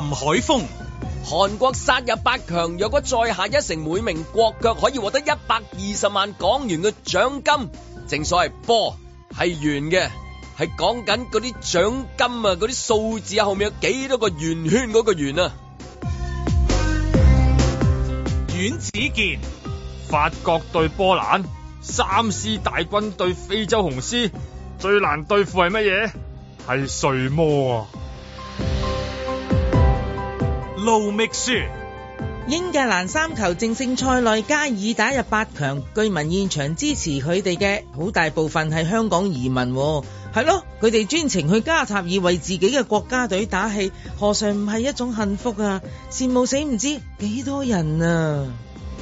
林海峰，韓國殺入八強，若果再下一城，每名國腳可以獲得一百二十萬港元嘅獎金。正所謂波係圓嘅，係講緊嗰啲獎金啊，嗰啲數字啊，後面有幾多個圓圈嗰個圓啊。阮子健，法國對波蘭，三獅大軍對非洲雄獅，最難對付係乜嘢？係睡魔啊！路覓書英格蘭三球正勝賽內加爾打入八強，據聞現場支持佢哋嘅好大部分係香港移民，哦，係咯，佢哋專程去加塔爾為自己嘅國家隊打氣，何嘗唔係一種幸福啊？羨慕死唔知幾多人啊！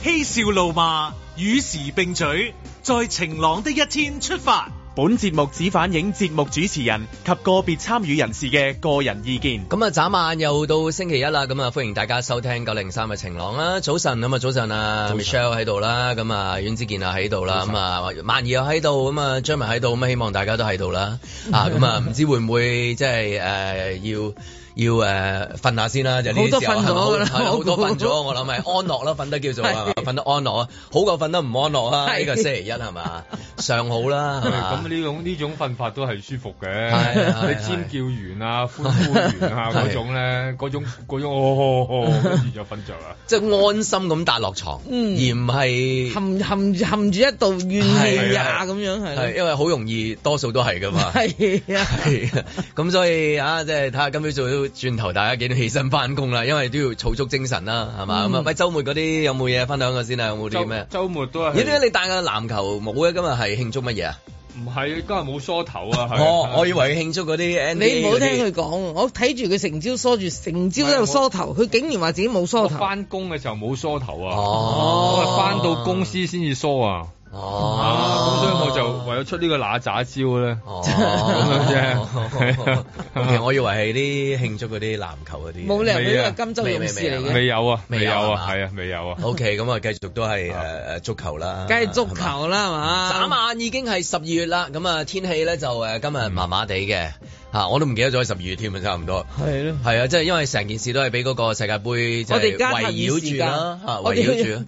嬉笑怒罵，與時並舉，在晴朗的一天出發。本節目只反映節目主持人及個別參與人士嘅個人意見。咁啊、嗯，眨晚又到星期一啦，咁啊，歡迎大家收聽九零三嘅晴朗啦。早晨咁啊、嗯、早晨啊，Michelle 喺度啦，咁、嗯、啊，阮子健啊喺度啦，咁啊上，萬、嗯、兒又喺度，咁啊，Jammy 喺度，咁希望大家都喺度啦。 啊，咁、嗯、啊，唔知會唔會即係誒、呃、要？要誒瞓下先啦，就呢個時候好多瞓咗，我諗係安樂咯，瞓得叫做瞓得安樂啊，好過瞓得唔安樂啊，呢個星期一係嘛？上好啦，咁呢種呢種瞓法都係舒服嘅，你尖叫完啊、歡呼完啊嗰種咧，嗰種嗰種哦哦哦，完咗瞓着啊，即係安心咁踏落床，而唔係含含含住一度怨氣啊咁樣係，因為好容易多數都係噶嘛，係咁所以啊，即係睇下今朝做。轉頭大家幾點起身翻工啦？因為都要儲足精神啦，係嘛咁。唔係周末嗰啲有冇嘢分享下先啊？有冇啲咩？周末都係。咦？點解你戴個籃球帽嘅？今日係慶祝乜嘢啊？唔係，今日冇梳頭啊。哦，我以為慶祝嗰啲。你唔好聽佢講，我睇住佢成朝梳住成朝喺度梳頭，佢竟然話自己冇梳頭。翻工嘅時候冇梳頭啊。哦。我係翻到公司先至梳啊。哦。所以我就為咗出呢個喇咋招咧，咁樣啫。其實我以為係啲慶祝嗰啲籃球嗰啲，冇理由啊！金州勇士嚟嘅。未有啊，未有啊，係啊，未有啊。OK，咁啊，繼續都係誒誒足球啦，梗係足球啦，係嘛？眨眼已經係十二月啦，咁啊，天氣呢，就今日麻麻地嘅。嚇、啊！我都唔記得咗係十二月添啊，差唔多。係咯，係啊的，即係因為成件事都係俾嗰個世界盃即係圍繞住我哋家探時間。圍我哋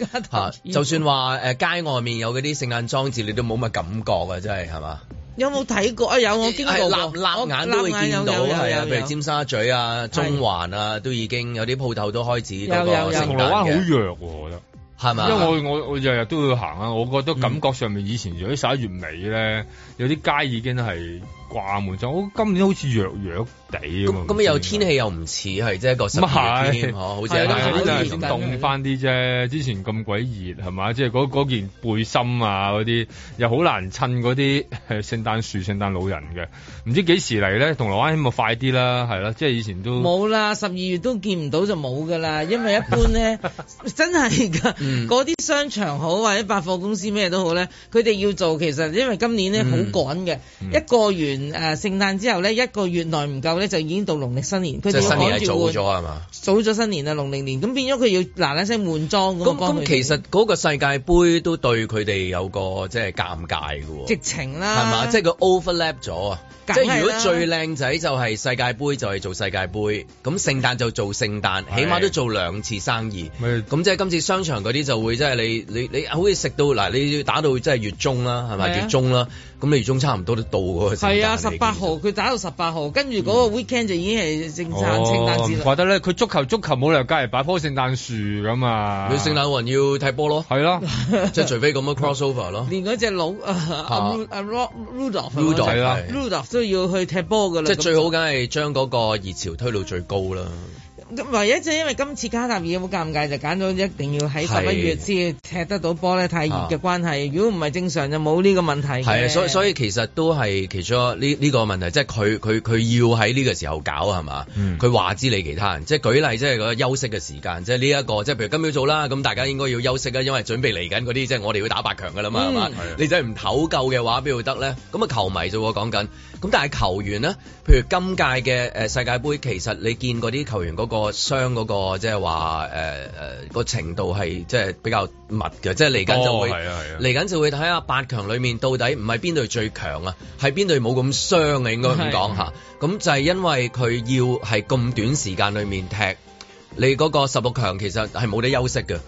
家就算話誒街外面有嗰啲聖誕裝置，你都冇乜感覺啊！真係係嘛？有冇睇過？有，我經過過，我、哎、眼都會見到。係，譬如尖沙咀啊、中環啊，的都已經有啲鋪頭都開始嗰個聖誕嘅。銅鑼灣好弱喎、啊，我覺得。係嘛的？因為我我日日都要行啊，我覺得感覺上面以前如果十一月尾咧，有啲街已經係。華門就，我今年好似弱弱。咁咁又天氣又唔似係，即係一個十二月天，好似一個冷啲，凍翻啲啫。之前咁鬼熱係嘛，即係嗰嗰件背心啊嗰啲又好難襯嗰啲聖誕樹、聖誕老人嘅。唔知幾時嚟咧？銅鑼灣希望快啲啦，係咯，即係以前都冇啦。十二月都見唔到就冇㗎啦，因為一般咧 真係㗎，嗰啲商場好或者百貨公司咩都好咧，佢哋要做，其實因為今年咧好趕嘅，嗯嗯、一個月誒、呃、聖誕之後咧一個月內唔夠就已經到農曆新年，即係新年係早咗係嘛？早咗新年啊，農曆年咁變咗佢要嗱嗱聲換裝咁。咁其實嗰個世界杯都對佢哋有個即係尷尬嘅，疫情啦，係嘛？即係佢 overlap 咗啊！即係如果最靚仔就係世界盃就係做世界盃，咁聖誕就做聖誕，起碼都做兩次生意。咁即係今次商場嗰啲就會即係你你你好似食到嗱，你要打到即係月中啦，係咪月中啦，咁你月中差唔多都到嗰個聖誕。係啊，十八號佢打到十八號，跟住嗰個 weekend 就已經係聖誕聖誕節啦。覺得咧，佢足球足球冇理由隔籬擺棵聖誕樹咁啊！佢聖誕雲，要睇波咯，係咯，即係除非咁樣 crossover 咯。連嗰隻老阿阿 Rudolph，r u d o 都要去踢波噶啦，即係最好梗係將嗰個熱潮推到最高啦。唯一就因為今次卡塔爾好尷尬，就揀咗一定要喺十一月先踢得到波咧，太熱嘅關係。係啊、如果唔係正常就冇呢個問題嘅、啊。所以所以，所以其實都係其中呢呢個問題，即係佢佢佢要喺呢個時候搞係嘛？佢話知你其他人，即係舉例，即係個休息嘅時間，即係呢一個，即係譬如今朝早啦，咁大家應該要休息啊，因為準備嚟緊嗰啲，即係我哋要打八強噶啦嘛，係嘛、嗯？係啊、你真係唔唞夠嘅話，邊度得咧？咁啊，球迷啫喎，講緊。咁但係球員咧，譬如今屆嘅世界盃，其實你見嗰啲球員嗰個傷嗰、嗰個，即係話誒誒個程度係即係比較密嘅，多即係嚟緊就會嚟緊、啊啊、就會睇下八強裏面到底唔係邊隊最強啊，係邊隊冇咁傷啊，應該咁講下，咁、啊、就係因為佢要係咁短時間裏面踢，你嗰個十六強其實係冇得休息嘅。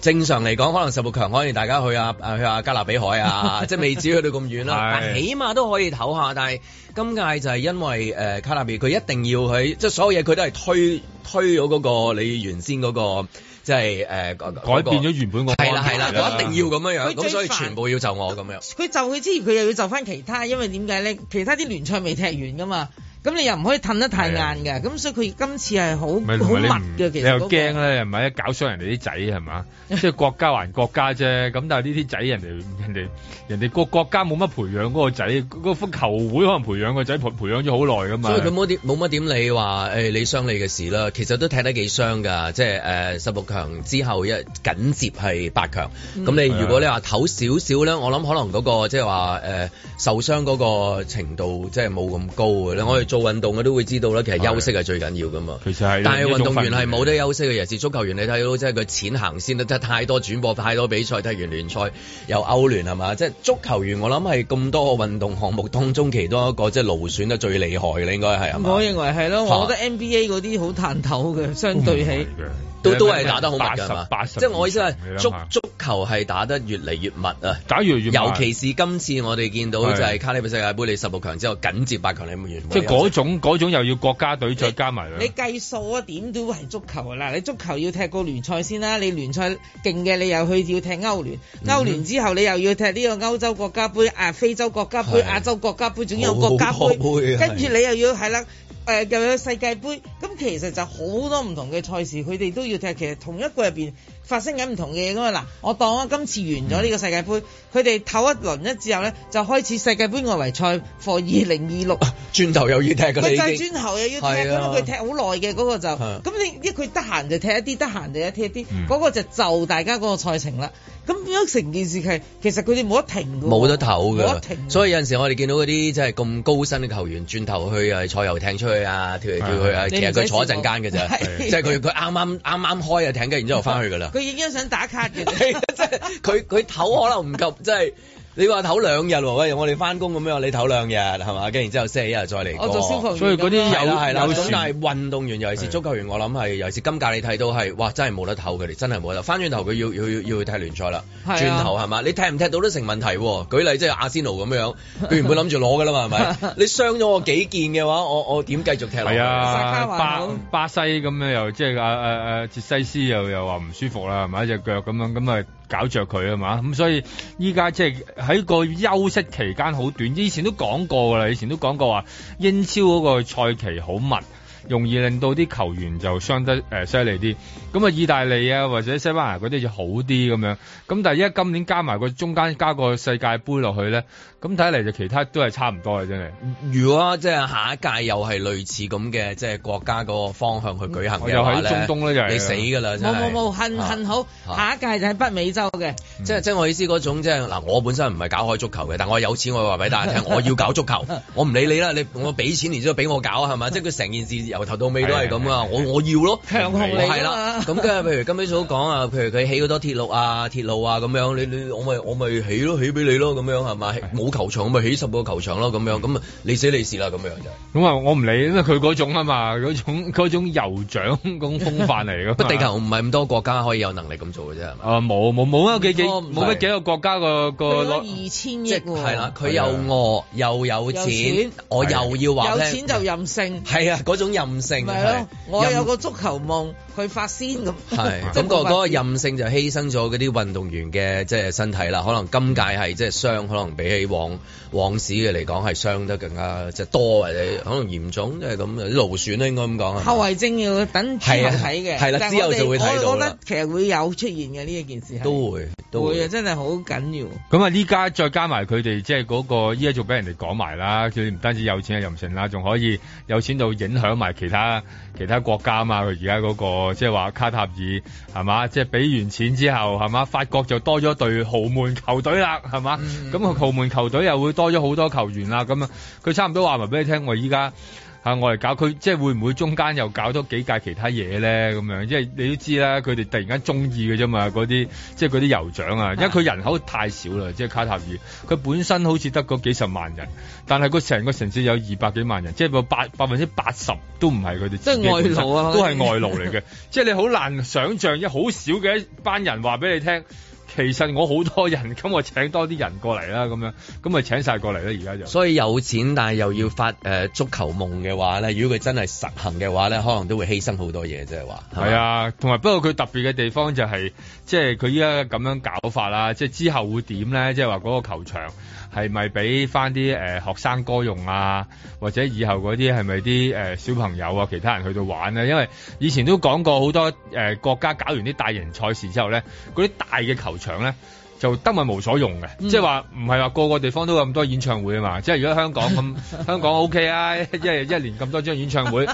正常嚟講，可能十步強可以大家去啊，去啊加勒比海啊， 即未至於去到咁遠啦。是但起碼都可以唞下。但係今屆就係因為誒、呃、卡納比，佢一定要去，即所有嘢佢都係推推咗嗰、那個你原先嗰、那個，即係誒、呃那個、改變咗原本個係啦係啦，佢一定要咁樣樣，咁最所以全部要就我咁樣。佢就佢之前，佢又要就返其他，因為點解咧？其他啲聯賽未踢完噶嘛。咁你又唔可以褪得太硬嘅，咁、啊、所以佢今次係好好密嘅。其實，你又驚咧，又唔係一搞傷人哋啲仔係嘛？即係國家還國家啫。咁但係呢啲仔人哋人哋人哋個國家冇乜培養嗰個仔，嗰、那個足球會可能培養個仔培培養咗好耐㗎嘛。所以佢冇冇乜點理你話誒你傷你嘅事啦。其實都踢得幾傷㗎，即係誒十六強之後一緊接係八強。咁、嗯、你如果你話唞少少咧，啊、我諗可能嗰、那個即係話誒受傷嗰個程度即係冇咁高嘅。我哋、嗯。做運動嘅都會知道啦，其實休息係最緊要㗎嘛。其實但係運動員係冇得休息嘅，尤其是的足球員你。你睇到即係佢淺行先啦，即係太多轉播、太多比賽，睇完聯賽又歐聯係咪？即係、就是、足球員，我諗係咁多個運動項目當中，其中一個即係勞損得最厲害嘅，應該係係嘛？我認為係囉。我覺得 NBA 嗰啲好探頭嘅，的相對起都都係打得好密嘅嘛。即係我意思係足足。球係打得越嚟越密啊！假如尤其是今次我哋見到就係卡利杯世界盃，你十六強之後緊接八強你冇完。即係嗰種嗰種又要國家隊再加埋。你計數啊，點都係足球啊！你足球要踢個聯賽先啦，你聯賽勁嘅你又去要踢歐聯，歐聯之後你又要踢呢個歐洲國家杯、啊，非洲國家杯、亞洲國家杯，總是有國家盃好好杯、啊。跟住你又要係啦，誒、呃、又有世界盃，咁其實就好多唔同嘅賽事，佢哋都要踢。其實同一個入面。發生緊唔同嘅嘢咁啊！嗱，我當我今次完咗呢個世界盃，佢哋唞一輪一之後咧，就開始世界盃外圍賽，逢二零二六轉頭又要踢噶啦。再轉頭又要踢咁樣，佢踢好耐嘅嗰個就咁你一佢得閒就踢一啲，得閒就一踢一啲，嗰個就就大家嗰個賽程啦。咁變咗成件事係其實佢哋冇得停噶，冇得唞噶，所以有陣時我哋見到嗰啲即係咁高薪嘅球員，轉頭去坐遊艇出去啊，跳嚟跳去啊，其實佢坐一陣間嘅啫，即係佢佢啱啱啱啱開啊，艇跟然之後翻去噶啦。佢已經想打卡嘅， 即係佢佢頭可能唔及，即係。你話唞兩日喎，喂，我哋翻工咁樣，你唞兩日係嘛？跟住然之後星期一日再嚟。我做消防員。所以嗰啲了有係啦，的時但係運動員尤其是足球員，我諗係的尤其是今屆你睇到係，哇，真係冇得唞嘅，佢哋真係冇得唞。翻轉頭佢要要要要去踢聯賽啦，轉的頭係嘛？你踢唔踢到都成問題。舉例即係阿仙奴咁樣，佢原本諗住攞噶啦嘛，係咪？ 你傷咗我幾件嘅話，我我點繼續踢？係啊，巴巴西咁樣又即係阿哲西斯又又話唔舒服啦，係咪？一隻腳咁樣咁啊。搞著佢啊嘛，咁所以依家即係喺個休息期間好短，以前都講過噶啦，以前都講過話英超嗰個賽期好密。容易令到啲球員就傷得誒犀利啲，咁、呃、啊意大利啊或者西班牙嗰啲就好啲咁樣，咁但係而家今年加埋個中間加個世界盃落去咧，咁睇嚟就其他都係差唔多嘅真係。如果即係下一屆又係類似咁嘅即係國家嗰個方向去舉行嘅話咧，又喺中東咧，你死㗎啦！冇冇冇，幸幸好、啊、下一屆就係北美洲嘅、嗯。即係即係我意思嗰種即係嗱，我本身唔係搞開足球嘅，但我有錢我話俾大家聽， 我要搞足球，我唔理你啦，你我俾錢然之後俾我搞係嘛？即係佢成件事。由頭到尾都係咁㗎，我我要咯，強硬你係啦。咁嘅譬如今朝所講啊，譬如佢起好多鐵路啊、鐵路啊咁樣，你你我咪我咪起咯，起俾你咯咁樣係嘛？冇球場咪起十個球場咯咁樣，咁啊你死你事啦咁樣就。咁啊，我唔理，因為佢嗰種啊嘛，嗰種嗰種酋長嗰種風範嚟嘅。不地球唔係咁多國家可以有能力咁做嘅啫，冇冇冇乜幾幾冇乜幾多國家個個二千億，係啦，佢又餓又有錢，我又要話有錢就任性。啊，任性係咯！是我有個足球夢，佢性發先咁。係咁是， 嗰個、嗰個任性就犧牲咗嗰啲運動員嘅即係身體啦。可能今屆係即係傷，可能比起往往時嘅嚟講係傷得更加即係、即係、多，或者可能嚴重，即係咁啲勞損啦，應該咁講啊。後遺症要等檢睇嘅，係啦，之後就會睇到啦。我覺得其實會有出現嘅呢一件事都會，都會啊！真係好緊要。咁啊，依家再加埋佢哋即係嗰個依家仲俾人哋講埋啦，佢唔單止有錢係任性啦，仲可以有錢到影響埋。其他其他國家啊嘛，佢而家嗰個即係話卡塔爾係嘛，即係俾完錢之後係嘛，法國就多咗隊豪門球隊啦係嘛，咁個、嗯、豪門球隊又會多咗好多球員啦，咁啊佢差唔多話埋俾你聽，喎，依家。吓、啊、我嚟搞佢，即係會唔會中間又搞多幾屆其他嘢咧？咁樣，即係你都知啦，佢哋突然間中意嘅啫嘛。嗰啲即係嗰啲酋長啊，因為佢人口太少啦，即係卡塔爾，佢本身好似得嗰幾十萬人，但係佢成個城市有二百幾萬人，即係個八百分之八十都唔係佢哋。即係外勞啊，都係外勞嚟嘅， 即係你好難想像一好少嘅一班人話俾你聽。其實我好多人，咁我請多啲人過嚟啦，咁樣，咁咪請晒過嚟啦。而家就。所以有錢，但係又要發誒、呃、足球夢嘅話咧，如果佢真係實行嘅話咧，可能都會犧牲好多嘢，即係話。係啊，同埋不過佢特別嘅地方就係、是，即係佢依家咁樣搞法啦，即、就、係、是、之後會點咧？即係話嗰個球場。係咪俾翻啲誒學生哥用啊？或者以後嗰啲係咪啲誒小朋友啊？其他人去到玩啊？因為以前都講過好多誒國家搞完啲大型賽事之後咧，嗰啲大嘅球場咧就得咪無所用嘅，即係話唔係話個個地方都有咁多演唱會啊嘛。即係如果香港咁，香港 O K 啊，一一年咁多張演唱會，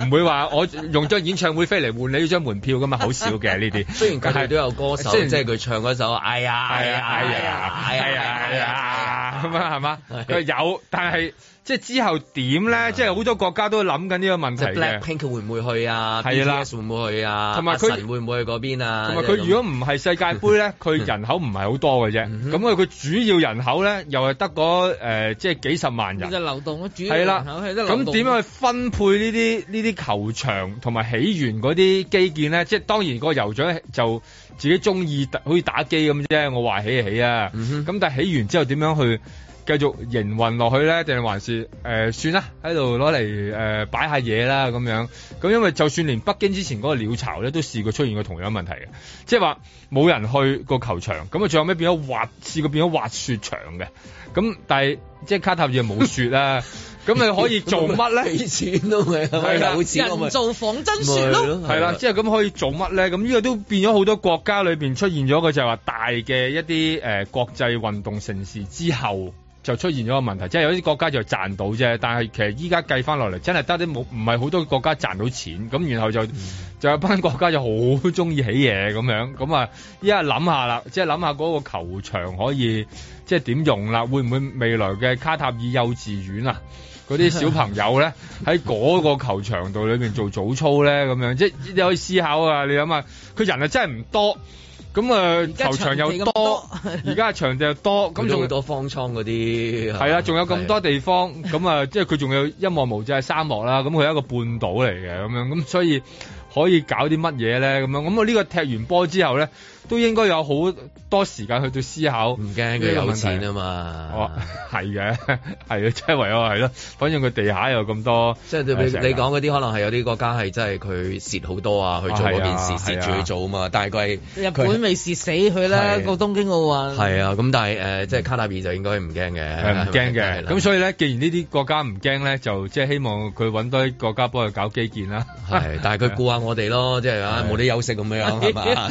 唔會話我用張演唱會飛嚟換你呢張門票噶嘛，好少嘅呢啲。雖然佢哋都有歌手，雖然即係佢唱嗰首，哎呀，哎呀，哎呀，哎呀，哎呀。係嘛，係嘛？佢有，但係。即係之後點咧？嗯、即係好多國家都諗緊呢個問題嘅。Black Pink 會唔會去啊 b t 唔會去啊？同埋佢會唔會去嗰、啊、邊啊？同埋佢如果唔係世界盃咧，佢 人口唔係好多嘅啫。咁佢、嗯、哼主要人口咧又係得嗰即係幾十萬人。就流動，主要人口咁點樣去分配呢啲呢啲球場同埋起源嗰啲基建咧？即係當然個酋長就自己中意，好似打機咁啫。我話起起啊。咁、嗯、哼但係起完之後點樣去？繼續營運落去咧，定還是誒、呃、算啦，喺度攞嚟誒擺下嘢啦咁樣。咁因為就算連北京之前嗰個鳥巢咧，都試過出現過同樣問問題嘅，即係話冇人去個球場。咁啊，最後尾變咗滑，試過變咗滑雪場嘅。咁但係即係卡塔爾冇雪啦、啊。咁 你可以做乜咧？冇 錢都咪係啦，啦人造仿真雪咯。係啦，即係咁可以做乜咧？咁呢個都變咗好多國家裏邊出現咗個就係、是、話大嘅一啲誒、呃、國際運動城市之後。就出現咗個問題，即係有啲國家就賺到啫，但係其實依家計翻落嚟，真係得啲冇唔係好多國家賺到錢，咁然後就就有班國家就好中意起嘢咁樣，咁啊依家諗下啦，即係諗下嗰個球場可以即係點用啦？會唔會未來嘅卡塔爾幼稚園啊，嗰啲小朋友咧喺嗰個球場度裏面做早操咧咁樣？即係你可以思考啊，你諗下，佢人係真係唔多。咁啊，球、呃、場又多，而家場，場地又多，咁仲好多方艙嗰啲。係啦、 啊，仲有咁多地方，咁啊， 即係佢仲有一望無際，係沙漠啦，咁佢係一個半島嚟嘅咁樣，咁所以可以搞啲乜嘢咧？咁樣，咁啊，呢個踢完波之後咧。都應該有好多時間去到思考，唔驚佢有錢啊嘛。哦，係嘅，係啊，即係唯有係咯。反正佢地下又咁多，即係你你講嗰啲可能係有啲國家係真係佢蝕好多啊，去做嗰件事蝕住去做啊嘛。但係佢日本未蝕死佢咧，個東京奧運係啊。咁但係誒，即係卡塔爾就應該唔驚嘅，唔驚嘅。咁所以咧，既然呢啲國家唔驚咧，就即係希望佢搵多啲國家幫佢搞基建啦。係，但係佢顧下我哋咯，即係啊，冇得休息咁樣啊，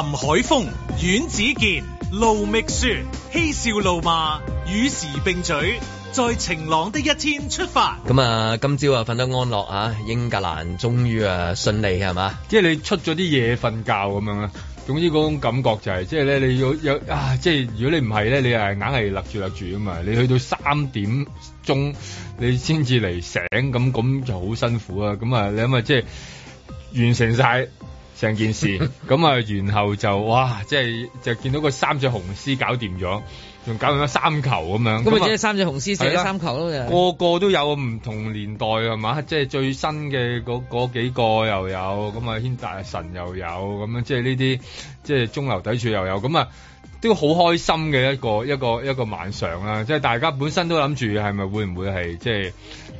林海峰、阮子健、盧覓雪，嬉笑怒罵，與時並進，在晴朗的一天出發。咁啊，今朝啊，瞓得安樂啊，英格蘭終於啊順利係嘛？即係你出咗啲嘢瞓覺咁樣啊，總之嗰種感覺就係、是，即係咧你要有，有啊，即係如果你唔係咧，你係硬係立住立住啊嘛。你去到三點鐘，你先至嚟醒咁，咁就好辛苦啊。咁啊，你諗啊即係完成晒。成件事咁啊、 嗯，然後就哇，即係就見到個三隻雄獅搞掂咗，仲搞掂咗三球咁樣。咁咪即係三隻雄獅射咗三球咯，又樣、啊、個個都有唔同年代係嘛，即係最新嘅嗰幾幾個又有，咁啊，軒達神又有，咁樣即係呢啲，即係中流砥柱又有，咁啊。都好開心嘅一個一個一個晚上啦，即係大家本身都諗住係咪會唔會係即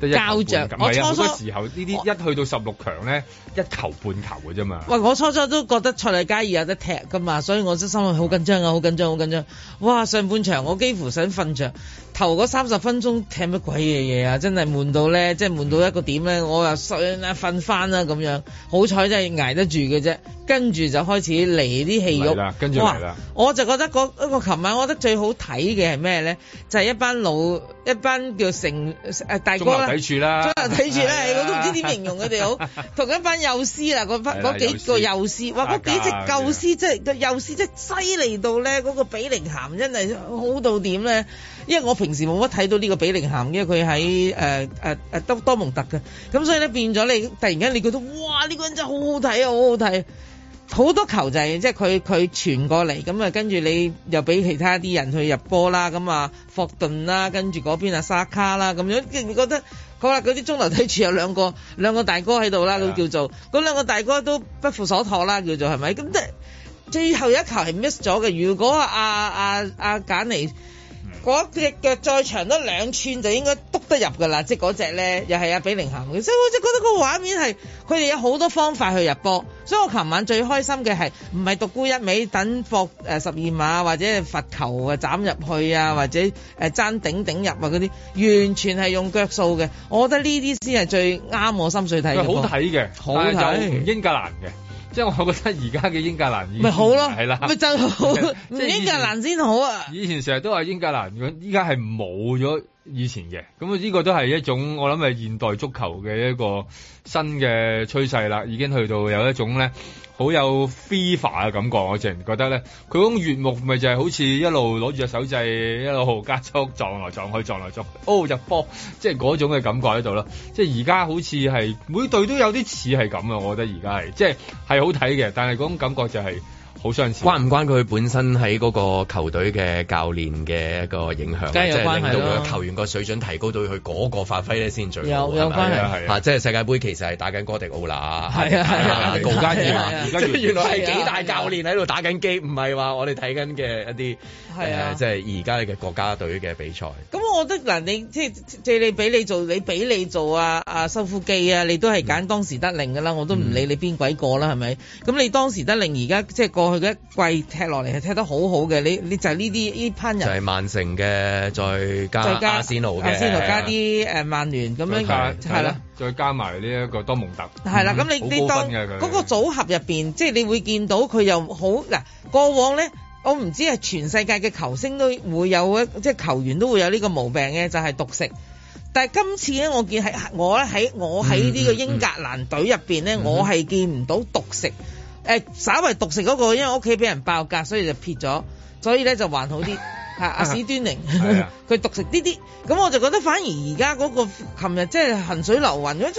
係交著咁樣。啊，好多時候呢啲一去到十六強咧，一球半球嘅啫嘛。喂，我初初都覺得塞內加爾有得踢㗎嘛，所以我真心好緊張啊，好、嗯緊張，啊、緊張，好緊張！哇，上半場我幾乎想瞓着，頭嗰三十分鐘踢乜鬼嘢嘢啊，真係悶到咧，嗯、即係悶到一個點咧，我又想瞓翻啊咁樣。好彩真係捱得住嘅啫，跟住就開始嚟啲戲肉。係啦，跟住嚟啦。我就覺得。個一個琴晚，我覺得最好睇嘅係咩咧？就係、是、一班老一班叫成、啊、大哥啦，中睇住啦，中睇住啦，啊啊、我都唔知點形容佢哋好。 同一班幼師啦啊，嗰幾個幼師，啊、幼師哇！嗰幾隻舊師、啊、真係的幼師真係犀利到咧，嗰、那個比凌涵真係好到點咧。因為我平時冇乜睇到呢個比凌涵，因為佢喺誒誒多多蒙特嘅，咁所以咧變咗你突然間你覺得哇！呢、這個人真係好好睇啊，好好睇。好多球就係、是，即係佢佢傳過嚟，咁啊跟住你又俾其他啲人去入波啦，咁啊霍頓啦，跟住嗰邊啊沙卡啦，咁樣，跟住覺得好啦，嗰啲中流砥柱有兩個兩個大哥喺度啦，咁叫做，嗰 Yeah. 兩個大哥都不負所託啦，叫做係咪？咁即係最後一球係 miss 咗嘅，如果阿阿阿簡尼。嗰隻腳再長多兩寸就應該篤得入噶啦，即係嗰隻咧又係阿比寧行，所以我就覺得個畫面係佢哋有好多方法去入波，所以我琴晚最開心嘅係唔係獨孤一味等博誒十二碼或者罰球啊斬入去啊或者誒爭頂頂入啊嗰啲，完全係用腳數嘅。我覺得呢啲先係最啱我心水睇，好睇嘅好睇，英格蘭嘅。即係我覺得而家嘅英格蘭已經唔係好咯，係啦，咪就係好咯，就好英格蘭先好啊以！以前成日都話英格蘭，如果依家係冇咗。以前嘅咁啊，呢個都係一種我諗係現代足球嘅一個新嘅趨勢啦。已經去到有一種咧好有 FIFA 嘅感覺。我淨係覺得咧，佢嗰種悅目咪就係好似一路攞住隻手掣一路豪加速撞來撞去，撞來撞，撞，撞，撞，撞哦入就波，即係嗰種嘅感覺喺度咯。即係而家好似係每隊都有啲似係咁啊。我覺得而家係即係係好睇嘅，但係嗰種感覺就係、是。好相似，關唔關佢本身喺嗰個球隊嘅教練嘅一個影響、啊？關係啊、即係令到佢球員個水準提高到佢嗰個發揮咧先最。有係係有關係係啊！係啊，即係世界杯其實係打緊哥迪奧拿。係啊係啊，嗰間原來係幾大教練喺度打緊機，唔係話我哋睇緊嘅一啲。係啊，即係而家嘅國家隊嘅比賽。咁我覺得嗱，你即係借你俾你做，你俾你做啊啊收腹機啊，你都係揀當時得令㗎啦。我都唔理你邊鬼過啦，係咪？咁你當時得令，而家即係過去嘅一季踢落嚟係踢得好好嘅。你你就係呢啲呢班人，就係曼城嘅，再加阿仙奴嘅，加啲誒曼聯咁樣嘅，係啦，再加埋呢一個多蒙特。係啦，咁你呢多嗰個組合入面，即係你會見到佢又好嗱，過往咧。我唔知係全世界嘅球星都會有一即係球員都會有呢個毛病嘅，就係、是、毒食。但係今次咧，我見喺我咧喺我喺呢個英格蘭隊入邊，咧、嗯，嗯、我係見唔到毒食。誒、呃，稍為毒食嗰、那個因為屋企俾人爆格，所以就撇咗，所以咧就還好啲。阿、 啊、史端寧，佢、 啊、毒食啲啲，咁我就覺得反而而家嗰個琴日即係行水流雲嗰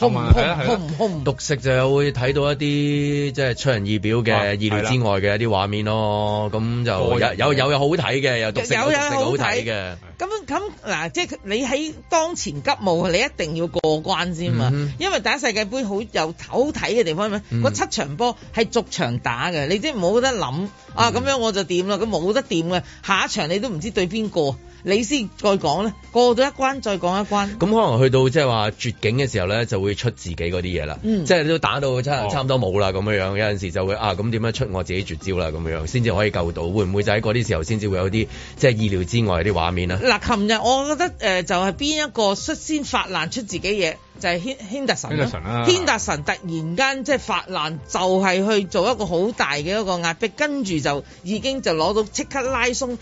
空空空空！獨食就會睇到一啲即係出人意表嘅、啊、意料之外嘅一啲畫面咯。咁就有有有有好睇嘅，有獨食有獨食有好睇嘅。咁咁嗱，即係你喺當前急務，你一定要過關先嘛！嗯、哼因為打世界盃好，好有好睇嘅地方咩？嗰、嗯、七場波係逐場打嘅，你即係冇得諗、嗯、啊！咁樣我就掂啦，咁冇得掂嘅下一場你都唔知對邊個。你先再講咧，過到一關再講一關。咁可能去到即係話絕境嘅時候咧，就會出自己嗰啲嘢啦。嗯，即係你都打到差差唔多冇啦咁樣有陣時就會啊，咁點樣出我自己絕招啦咁樣，先至可以救到。會唔會就喺嗰啲時候先至會有啲即係意料之外啲畫面啊？嗱，琴日我覺得誒、呃、就係、是、邊一個率先發難出自己嘢，就係軒軒達臣。軒達臣突然間即係發難就係、是、去做一個好大嘅一個壓迫，跟住就已經就攞到即刻拉松。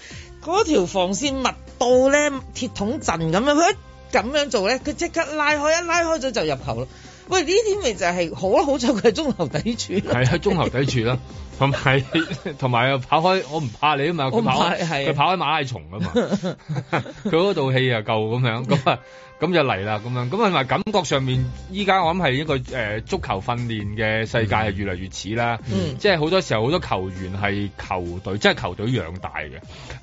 嗰條防線密到咧鐵桶陣咁樣，佢一咁樣做咧，佢即刻拉開，一拉開咗就入球咯。喂，呢啲咪就係好啦，好彩佢係中後底柱。係啊，中後底柱啦，同埋同埋又跑開，我唔怕你啊嘛，佢跑，佢的跑開馬拉松啊嘛，佢嗰度氣啊夠咁樣咁啊。 咁就嚟啦，咁樣，咁同埋感覺上面，依家我諗係一個誒、呃、足球訓練嘅世界係越嚟越似啦，嗯嗯、即係好多時候好多球員係球隊，即係球隊養大嘅，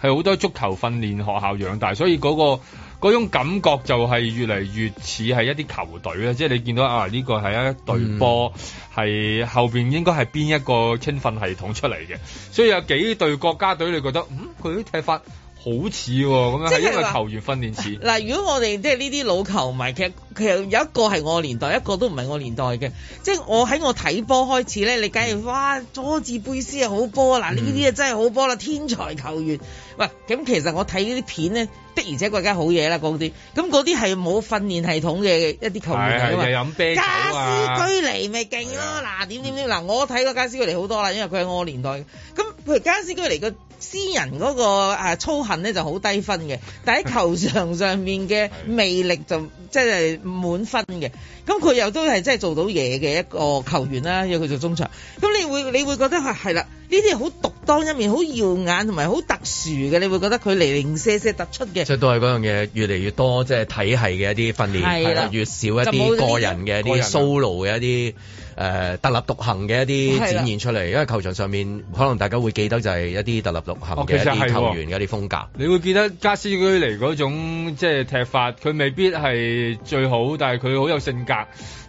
係好多足球訓練學校養大，所以嗰、嗰個嗰種感覺就係越嚟越似係一啲球隊啦，即係你見到啊呢、呢個係一隊波，係、嗯、後面應該係邊一個青訓系統出嚟嘅，所以有幾隊國家隊你覺得，嗯佢啲踢法？好似喎、哦，咁樣係一個球員訓練似。嗱，如果我哋即係呢啲老球迷，其實佢有一個係我年代，一個都唔係我年代嘅。即係我喺我睇波開始咧，你梗係、嗯、哇，佐治貝斯啊好波啊！嗱，呢啲啊真係好波啦，天才球員。喂、嗯，咁其實我睇呢啲片咧，的而且確梗係好嘢啦，嗰啲。咁嗰啲係冇訓練系統嘅一啲球員睇的的啊嘛。加斯居尼咪勁咯！嗱的，點點點嗱，我睇過加斯居尼好多啦，因為佢係我年代。咁譬如加斯居尼嘅。私人嗰個操行咧就好低分嘅，但喺球場上面嘅魅力就即係滿分嘅。咁佢又都係即係做到嘢嘅一個球員啦，要佢做中場。咁你會你會覺得係啦，呢啲好獨當一面、好耀眼同埋好特殊嘅，你會覺得佢零零舍舍突出嘅。即係都係嗰樣嘢越嚟越多，即係體系嘅一啲訓練，係啦，越少一啲個人嘅一啲 solo 嘅一啲。誒、呃、特立獨行嘅一啲展現出嚟，的因為球場上面可能大家會記得就係一啲特立獨行嘅啲球員嘅、哦、一啲風格。你會記得加斯居尼嗰種即係、就是、踢法，佢未必係最好，但係佢好有性格，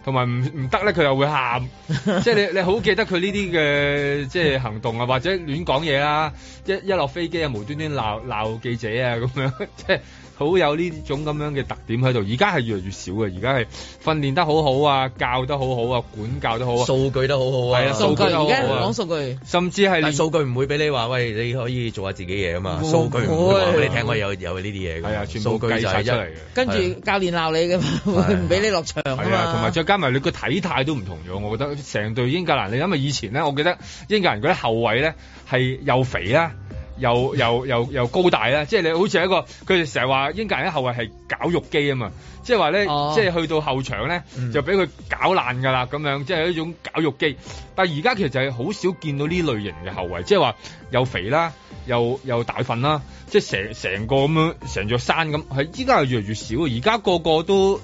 同埋唔唔得咧佢又會喊，即係 你你好記得佢呢啲嘅即係行動啊，或者亂講嘢啊，一一落飛機啊無端端鬧鬧記者啊咁樣，即係。好有呢種咁樣嘅特點喺度，而家係越來越少嘅。而家係訓練得好好啊，教得好好啊，管教得好啊，數據都好好啊，係啊，數據而家講數據，甚至係數據唔會俾你話，喂，你可以做下自己嘢啊嘛。數據唔會，你聽我有有呢啲嘢。係啊，全部計晒出嚟嘅。跟住教練鬧你嘅嘛，會唔俾你落場。係啊，同埋再加埋你個體態都唔同咗。我覺得成隊英格蘭，你諗下以前咧，我記得英格蘭嗰啲後衞咧係又肥啦。又又又又高大啦，即係你好似一個佢哋成日話英格蘭後衞係絞肉機啊嘛，即係話咧，oh。即係去到後場咧就俾佢攪爛㗎啦，咁樣即係一種絞肉機。但係而家其實係好少見到呢類型嘅後衞，即係話又肥啦，又又大份啦，即係成成個咁樣成座山咁，係依家係越嚟越少。而家個個都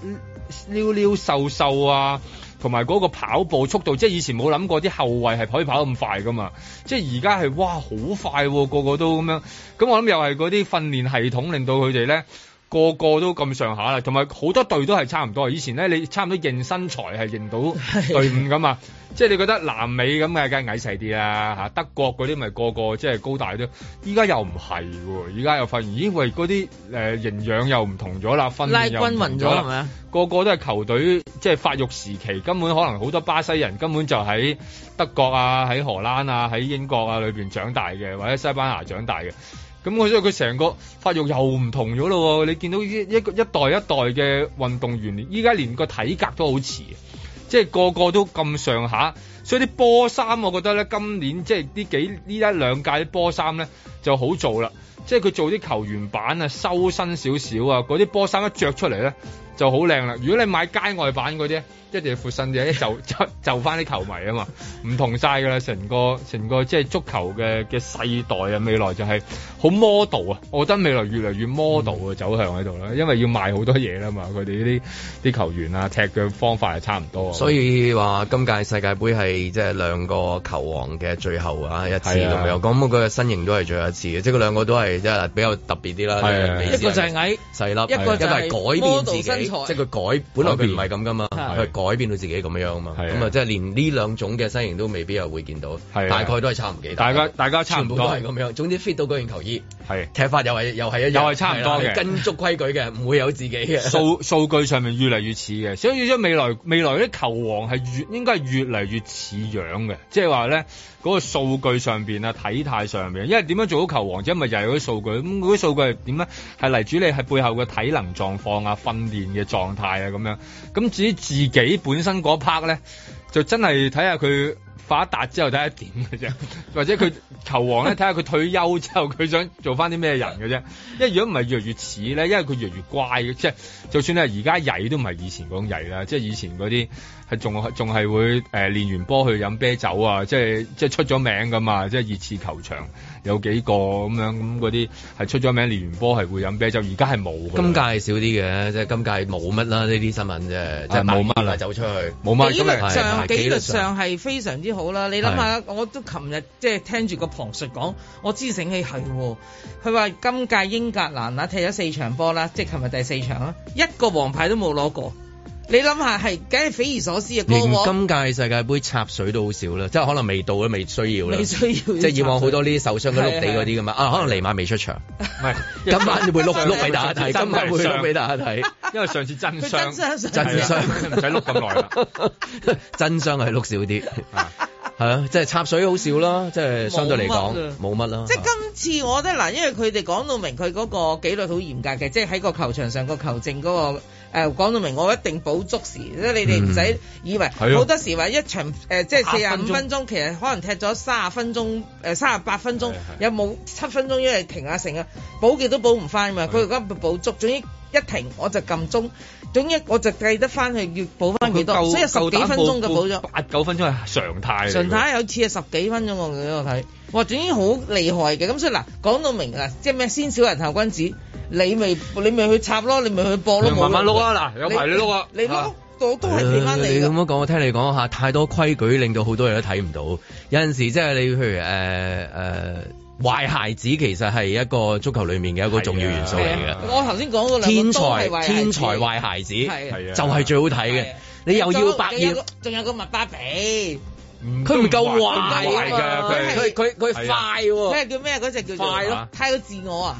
溜溜瘦瘦啊。同埋嗰個跑步速度，即係以前冇諗過啲後衛係可以跑咁快噶嘛，即係而家係，哇好快喎、啊，個個都咁樣，咁我諗又係嗰啲訓練系統令到佢哋咧。個個都咁上下啦，同埋好多隊都係差唔多。以前咧，你差唔多認身材係認到隊伍㗎嘛？ 即係你覺得南美咁嘅梗係矮細啲啦，吓德國嗰啲咪個個即係高大啲。依家又唔係，依家又發現，咦，喂，嗰啲誒營養又唔同咗啦，訓練又均勻咗啦，Like 個個都係球隊麼即係發育時期，根本可能好多巴西人根本就喺德國啊、喺荷蘭啊、喺英國啊裏邊長大嘅，或者西班牙長大嘅。咁我所以佢成個發育又唔同咗咯喎，你見到一一一代一代嘅運動員，依家連個體格都好遲，即係個個都咁上下，所以啲波衫我覺得咧，今年即係呢幾呢一兩屆啲波衫咧就好做啦，即係佢做啲球員版啊，修身少少啊，嗰啲波衫一着出嚟咧。就好靚啦！如果你買街外版嗰啲，一定係闊身嘅，就就就一就就返翻啲球迷啊嘛，唔同晒噶啦！成個成個即係足球嘅嘅世代啊，未來就係好 model 啊！我覺得未來越嚟越 model 嘅走向喺度啦，因為要賣好多嘢啦嘛，佢哋呢啲啲球員啊，踢腳方法係差唔多啊。所以話今屆世界盃係即係兩個球王嘅最後啊一次咁樣，咁佢嘅身形都係最後一次嘅，即係佢兩個都係即係比較特別啲啦。一個就係矮細粒，一個就係改變自己。即係佢改，改變，本來佢唔係咁噶嘛，佢是改變到自己咁樣啊嘛，咁啊的即係連呢兩種嘅身形都未必又會見到，係的大概都係差唔幾，大家大家差唔多全部都係咁樣。總之 fit 到嗰件球衣。係踢是法又係又係又係差唔多嘅。啊、跟足規矩嘅，唔 會有自己嘅數，數據上面越嚟越似嘅，所以未來未來啲球王係越應該係越嚟越似樣嘅，即係話咧嗰個數據上面啊體態上面，因為點樣做到球王，因咪又係嗰啲數據咁嗰啲數據係點咧？係嚟主你喺背後嘅體能狀況啊、訓練嘅狀態啊咁樣。咁至於自己本身嗰 part 咧，就真係睇下佢。發達之後睇下點嘅啫，或者佢球王咧睇下佢退休之後佢想做翻啲咩人嘅啫。因為如果唔係越來越似咧，因為佢越嚟越乖嘅，即係就算咧而家曳都唔係以前嗰種曳啦，即係以前嗰啲仲係仲會誒練完波去飲啤酒啊，即係即係出咗名噶嘛，即係熱刺球場。有幾個咁樣咁，嗰啲係出咗名聯波係會飲啤酒，而家係冇。今屆係少啲嘅，即係今屆冇乜啦，呢啲新聞啫，啊、即係冇乜啦，走出去。冇乜咁樣上紀律的上係非常之好啦。的你諗下，的我都琴日即係聽住個旁述講，我知醒起係喎。佢話今屆英格蘭啦，踢咗四場波啦，即係琴日第四場啦，一個黃牌都冇攞過。你諗下，係梗係匪夷所思啊！連今屆世界盃插水都好少啦，即係可能未到都未需要啦，未需要。即係以往好多呢啲受傷嘅碌地嗰啲咁啊，可能尼馬未出場。唔係，今晚會碌碌俾大家睇，今晚會碌俾大家睇。因為上次真傷，真傷唔使碌咁耐啦。真傷係碌少啲，係啊，即係插水好少囉。即係相對嚟講冇乜啦。即係今次我覺得嗱，因為佢哋講到明佢嗰個紀律好嚴格嘅，即係喺個球場上個球證嗰個。誒講到明，我一定補足時，即係你哋唔使以為好、嗯、多時話一場，誒、呃，即係四十五分鐘，分其實可能踢咗三十分鐘，誒三十八分鐘，是的是的有冇七分鐘？因為停下成啊，補極都補唔翻嘛，佢而家補足，總之。一停我就撳鐘，總之我就計得翻去要補翻幾多，夠所以十幾分鐘就補咗八九分鐘係常態。常態有次係十幾分鐘我我睇，哇！總之好厲害嘅。咁所以嗱，講到明啊，即係咩先小人後君子，你咪你咪去插咯，你咪去播咯，嗯、慢慢搵碌啊！嗱你，有排你碌啊，你碌、啊、我都係跌翻你咁、呃、樣講，我聽你講下，太多規矩令到好多嘢都睇唔到。有陣時即係你譬如誒誒。呃呃壞孩子其實係一個足球裏面嘅一個重要元素嚟嘅。我頭先講嗰兩個天才天才壞孩子，係就係最好睇嘅。你又要百二，仲有個麥巴比，佢唔夠壞。佢佢佢快的，佢係、啊、叫咩？嗰隻叫做快咯，太過自我啊！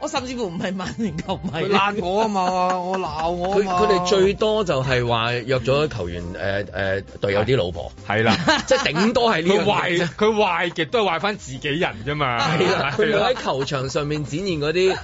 我甚至乎唔係萬年球迷，佢爛我啊嘛，我鬧我嘛。佢佢哋最多就係話約咗球員誒誒隊友啲老婆，係啦， 即係頂多係呢樣。佢壞佢壞極都係壞翻自己人啫嘛。係啦，佢冇喺球場上面展現嗰啲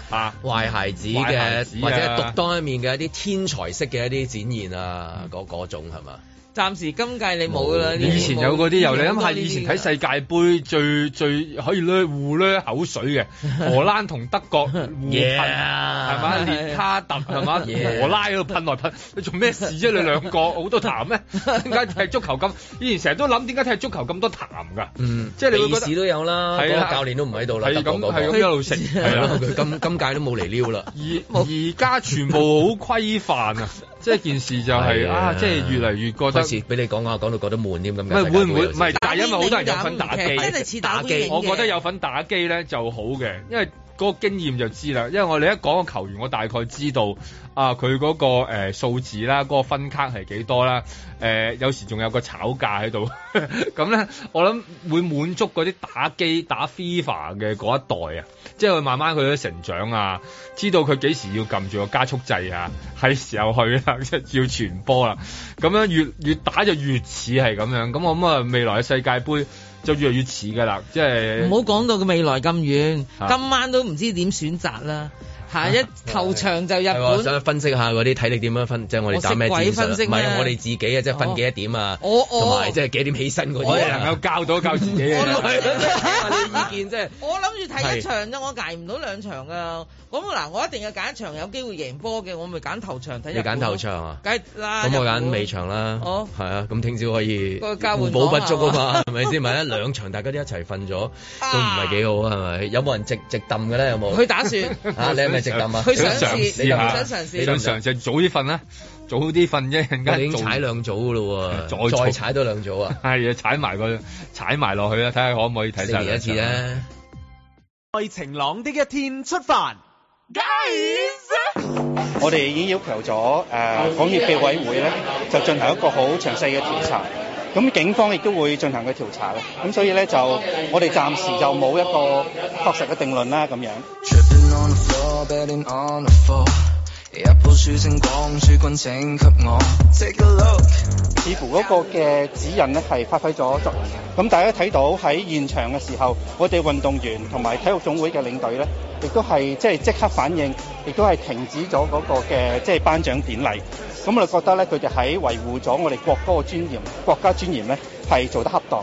壞孩子嘅，啊壞孩子啊、或者獨當一面嘅一啲天才式嘅一啲展現啊，嗰嗰、嗯、種係嘛？暫時今屆你冇啦。以前有嗰啲有，你諗下以前睇世界盃最最可以咧互咧口水嘅，荷蘭同德國互噴係嘛，列卡特係嘛，荷拉喺度噴來噴，你做咩事啫？你兩個好多痰咩？點解踢足球咁？以前成日都諗點解踢足球咁多痰㗎？嗯，即係歷史都有啦，係啊，教練都唔喺度啦，德國嗰邊一路食係啦，咁今今屆都冇嚟撩啦。而而家全部好規範啊！即係件事就係、是、的啊，即係越嚟越覺得，開始俾你講下，講到覺得悶添咁。唔係會唔會？唔係，但係因為好多人有份打機，呢就似打機，打機我覺得有份打機咧就好嘅，因為。個經驗就知啦，因為我哋一講個球員，我大概知道啊佢嗰個誒數字啦，嗰個分卡係幾多啦？誒、呃、有時仲有個炒價喺度， 咁咧我諗會滿足嗰啲打機打 FIFA 嘅嗰一代啊，即係佢慢慢佢都成長啊，知道佢幾時要撳住個加速掣啊，係時候去啦， 要傳波啦，咁樣越越打就越似係咁樣，咁我諗啊未來嘅世界盃，就越嚟越遲㗎啦，即係唔好講到佢未來咁遠，啊、今晚都唔知點選擇啦。係一頭場就日本。想分析下嗰啲體力點樣分，即係我哋打咩分析，唔係我哋自己啊，即係瞓幾多點啊？同埋即係幾點起身嗰啲，我係能夠教到教自己。我諗住睇一場啫，我挨唔到兩場噶。咁嗱，我一定要揀一場有機會贏波嘅，我咪揀頭場睇。你揀頭場啊？梗啦。咁我揀尾場啦。哦，係啊，咁聽朝可以補不足啊嘛，係咪先？咪一啊，兩場大家都一齊瞓咗，都唔係幾好啊？係咪？有冇人直直揼嘅咧？有冇？佢打算啊？你係咪？去、啊、嘗試，你唔打想，想嘗試？你想嘗試早啲瞓啦，早啲瞓啫，陣間已經踩兩組嘅咯，再重再踩多兩組啊！係啊， 踩埋個踩埋落去啦，睇下可唔可以睇第一次啊！在晴朗的一天出發，Guys，我哋已經要求咗誒港協暨奧委會咧，就進行一個好詳細嘅調查，咁警方亦都會進行嘅調查啦。咁所以咧就，我哋暫時就冇一個確實嘅定論啦，咁樣。一鋪輸精光，輸軍請給我。似乎嗰個嘅指引咧係發揮咗作用嘅。咁大家睇到喺現場嘅時候，我哋運動員同埋體育總會嘅領隊咧，亦都係即係即刻反應，亦都係停止咗嗰個嘅即係頒獎典禮。咁我哋覺得咧，佢哋喺維護咗我哋國家嘅尊嚴，國家尊嚴咧係做得恰當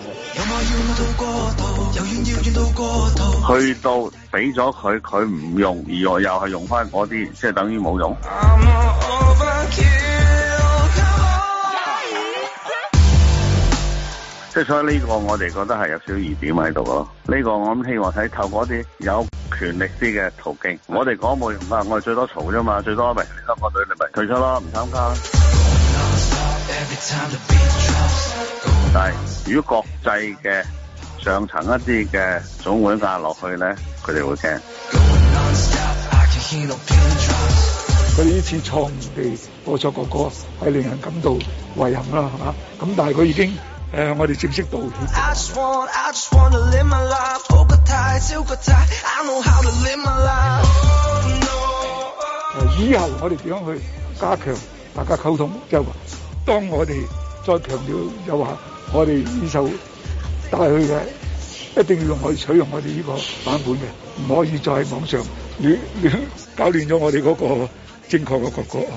嘅。去到俾咗佢，佢唔用，而我又係用翻嗰啲，即係等於冇用。 即係所以呢個我哋覺得係有少少疑點喺度咯，呢個我諗希望喺透過啲有權力啲嘅途徑，我哋講冇用㗎，我哋最多嘈啫嘛，最多咪香港隊咪退出咯，唔參加。但係如果國際嘅上層一啲嘅總會壓落去咧，佢哋會驚。佢哋呢次錯誤地播錯國歌，係令人感到遺憾啦，係嘛？咁但係佢已經。誒，我哋正式道歉。以後我哋點樣去加強大家溝通？就話，當我哋再強調，就話我哋呢首帶去嘅，一定要用去取用我哋呢個版本嘅，唔可以再喺網上亂亂搞亂咗我哋嗰個正確嘅嗰個。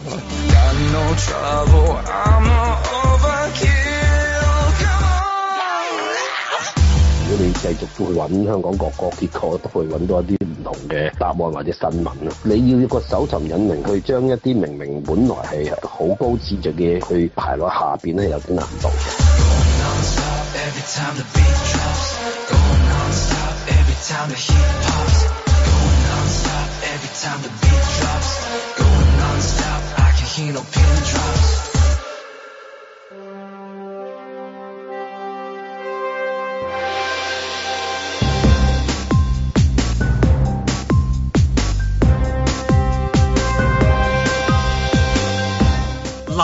你繼續都去揾香港各個機構，都去揾到一啲唔同嘅答案或者新聞咯。你要一個搜尋引擎去將一啲明明本來係好高質量嘅嘢，去排落下邊咧，有啲難度。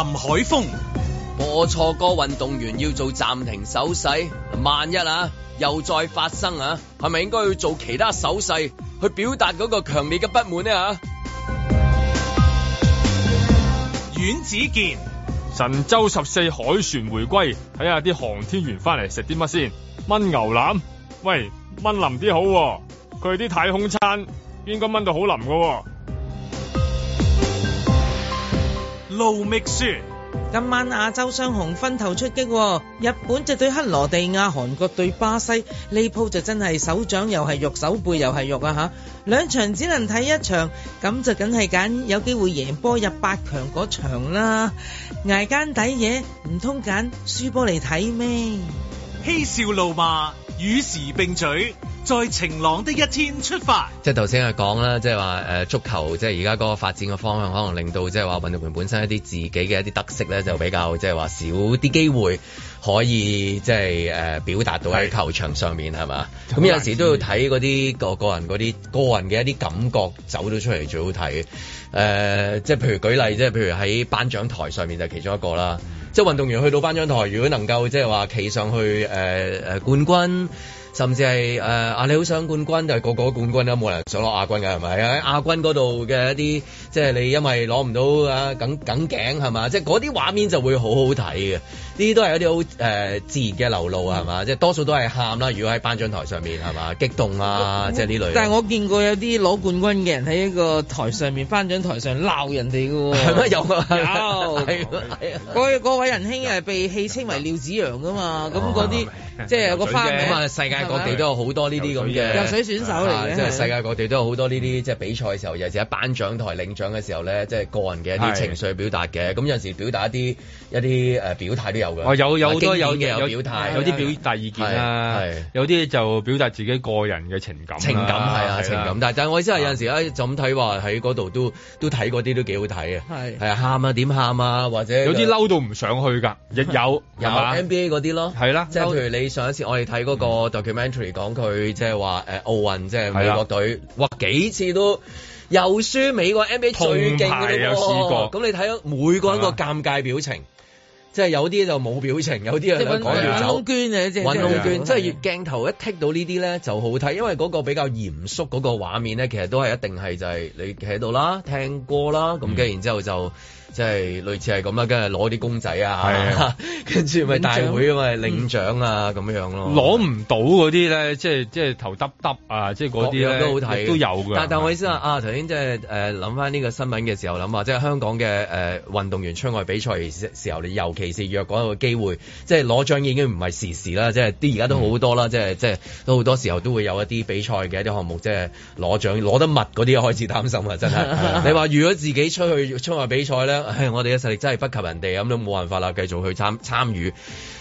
林海峰播錯歌，個運動員要做暫停手勢。萬一啊，又再發生啊，係咪應該要做其他手勢去表達嗰個強烈嘅不滿呢？啊？阮子健，神舟十四海船回歸，睇下啲航天員翻嚟食啲乜先。燜牛腩，喂，燜腍啲好喎。佢啲太空餐應該燜到好腍㗎。盧覓雪，今晚亞洲雙雄分頭出擊，日本就對克羅地亞，韓國對巴西，呢鋪就真係手掌又係肉，手背又係肉啊吓！兩場只能睇一場，咁就梗係揀有機會贏波入八強嗰場啦，挨奸底嘢唔通揀輸波嚟睇咩？嬉笑怒罵。與時並取，在晴朗的一天出發。即係頭先係講啦，即係話誒足球，即係而家嗰個發展嘅方向，可能令到即係話運動員本身一啲自己嘅一啲特色咧，就比較即係話少啲機會可以即係誒、呃、表達到喺球場上面係嘛？咁有時都要睇嗰啲個人啲個人嘅一啲感覺走到出嚟最好睇。誒、呃，即係譬如舉例啫，譬如喺頒獎台上面就其中一個啦。即係運動員去到頒獎台，如果能夠即係話企上去誒、呃、冠軍，甚至係誒啊你好想冠軍，就係個個冠軍都冇人想攞亞軍㗎，係咪啊？亞軍嗰度嘅一啲，即係你因為攞唔到啊梗梗頸係嘛，即係嗰啲畫面就會好好睇嘅。呢啲都係有啲好自然嘅流露啊，係嘛？即係多數都係喊啦。如果喺頒獎台上面係嘛，激動啊，即係呢類。但係我見過有啲攞冠軍嘅人喺一個台上面頒獎台上鬧人哋嘅喎。係咩？有啊，係啊。嗰位仁兄係被戲稱為廖子陽㗎嘛。咁嗰啲即係有個花名。咁啊。世界各地都有好多呢啲咁嘅游水選手嚟嘅。即係世界各地都有好多呢啲即係比賽嘅時候，尤其係喺頒獎台領獎嘅時候咧，即係個人嘅一啲情緒表達嘅。咁有時表達一啲一啲表態都有。哦，有有好多有嘅有表態，有啲表達意見啦，有啲就表達自己個人嘅情感。情感係啊，情感，但但係我意思係有陣時啊，就咁睇話喺嗰度都都睇嗰啲都幾好睇係係啊喊啊點喊啊，或者有啲嬲到唔想去噶，亦有係話 NBA 嗰啲咯，係啦，即係譬如你上一次我哋睇嗰個 documentary 講佢即係話誒奧運即係美國隊，哇幾次都又輸美國 NBA 最勁有試過，咁你睇每個人個尷尬表情。即係有啲就冇表情，有啲啊講走圈，運動圈啊，即係運動圈，的即係越鏡頭一剔到呢啲咧，就好睇，因為嗰個比較嚴肅，嗰個畫面咧，其實都係一定係就係你企喺度啦，聽歌啦，咁跟住然之後就。嗯即係類似係咁啦，跟住攞啲公仔啊，跟住咪大會嘛啊，咪領獎掌啊咁樣咯。攞唔到嗰啲咧，即係即係頭耷耷啊，即係嗰啲都好睇，都有嘅。但係我意思啊，頭先即係誒諗翻呢個新聞嘅時候諗下，即係香港嘅誒、呃、運動員出外比賽時候，你尤其是若果有機會，即係攞獎已經唔係時時啦，即係啲而家都好多啦，嗯、即係即係都好多時候都會有一啲比賽嘅一啲項目，即係攞獎攞得密嗰啲開始擔心啊！真係，你話如果自己出去出外比賽咧？哎，我哋嘅實力真係不及人哋，咁都冇辦法啦，繼續去參參與。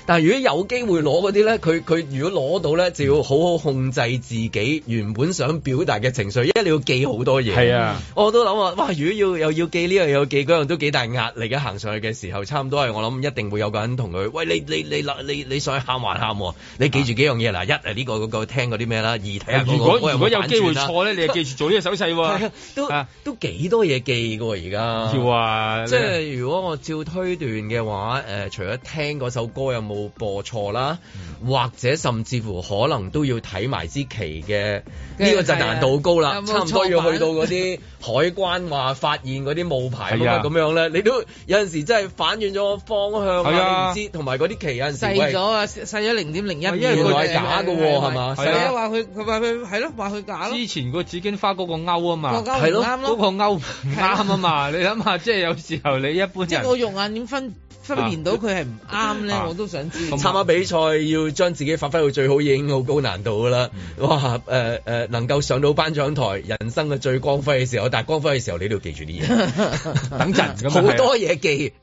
但係如果有機會攞嗰啲咧，佢佢如果攞到咧，就要好好控制自己原本想表達嘅情緒，因為你要記好多嘢。係啊，我都諗啊，哇！如果要又要記呢樣又要記嗰樣，都幾大壓力嘅。行上去嘅時候，差唔多係我諗一定會有個人同佢，喂，你你你你你上去喊還喊，你記住幾樣嘢嗱，一係呢個個聽嗰啲咩啦，二睇下，如果如果有機會錯咧，你就記住做呢個手勢喎。係啊，都都幾多嘢記㗎而家。要啊。即係如果我照推斷嘅話，誒，除咗聽嗰首歌有冇？冇播錯啦，或者甚至乎可能都要睇埋支旗嘅，呢個就難度高啦，差唔多要去到嗰啲海關話發現嗰啲冒牌咁樣咧。你都有陣時真係反轉咗個方向啊，唔知，同埋嗰啲旗有陣時細咗啊，細咗零點零一，因為佢係假嘅係嘛。係啊，話佢佢話佢係咯，話佢假咯。之前個紫荊花嗰個勾啊嘛，係咯，嗰個勾唔啱啊嘛，你諗下，即係有時候你一般即係肉眼點分？訓練到佢係唔啱咧，啊、我都想知。參加比賽要將自己發揮到最好已經好高難度啦。哇、啊！誒、啊、誒、啊啊啊啊啊啊、能夠上到頒獎台，人生嘅最光輝嘅時候，但係光輝嘅時候你都要記住啲嘢，等陣，好、就是、多嘢記，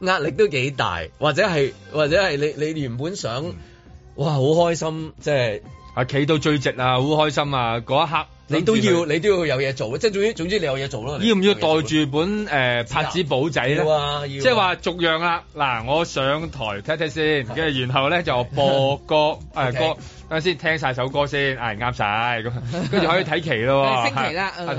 壓力都幾大，或者係或者係你你原本想，哇！好開心，即係啊，企到最直啊，好開心啊，嗰一刻。你都要，你都要有嘢做，即係總之，總之你有嘢做咯。你做要唔要袋住本誒、呃？拍子簿仔咧？啊啊、即係話續樣啦。嗱，我上台睇睇先看看，跟住、啊、然後咧就播歌誒歌。 呃 okay. 等下先，聽晒首歌先，啱、啊、晒，咁，跟住 可以睇棋咯，睇棋啦，睇咯、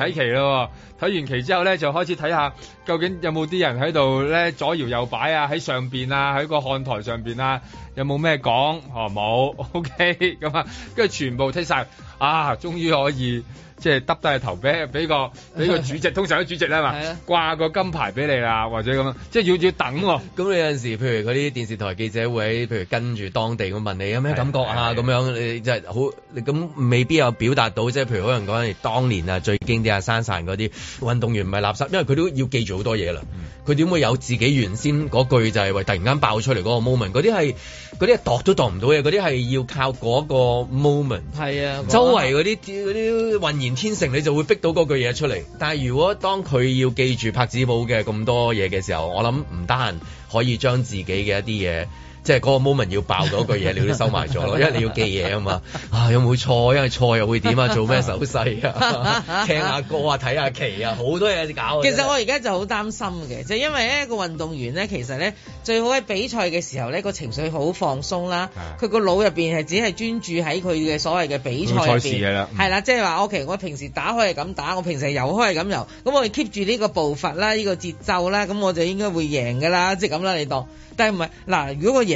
啊，睇、 啊、完棋之後咧就開始睇下究竟有冇啲人喺度咧左搖右擺啊，喺上面啊，喺個看台上面啊，有冇咩講，好，冇，OK，咁啊，跟住、okay，啊、全部聽晒，啊，終於可以。即係耷低個頭俾俾個俾個主席，通常啲主席啦嘛，掛個金牌俾你啦，或者咁樣，即係要要等喎、啊。咁你有陣時，譬如嗰啲電視台記者會，譬如跟住當地咁問你有咩感覺啊咁樣，你真係好，你咁未必有表達到。即係譬如可能講你當年啊最經典啊山散嗰啲運動員唔係垃圾，因為佢都要記住好多嘢啦。佢點會有自己原先嗰句就係、是、喂突然間爆出嚟嗰個 moment 嗰啲係。嗰啲係度都度唔到嘅，嗰啲係要靠嗰個 moment。係啊，周圍嗰啲嗰啲渾然天成，你就會逼到嗰句嘢出嚟。但係如果當佢要記住拍子寶嘅咁多嘢嘅時候，我諗唔單可以將自己嘅一啲嘢。即係嗰個 moment 要爆咗句嘢，你都要收埋咗咯，因為你要記嘢啊嘛。啊，有冇錯？因為錯又會點啊？做咩手勢啊？ 聽下歌啊，睇下棋啊，好多嘢搞。其實我而家就好擔心嘅，就係、因為一個運動員咧，其實咧最好喺比賽嘅時候咧，個情緒好放鬆啦。佢個的腦入面係只係專注喺佢嘅所謂嘅比賽。賽事啦。係啦的，即係話 OK，我平時打開係咁打，我平時遊開係咁游。咁我係 keep 住呢個步伐啦，呢、呢個節奏啦，咁我就應該會贏噶啦，即係咁啦，你當。但係唔係嗱，如果個贏贏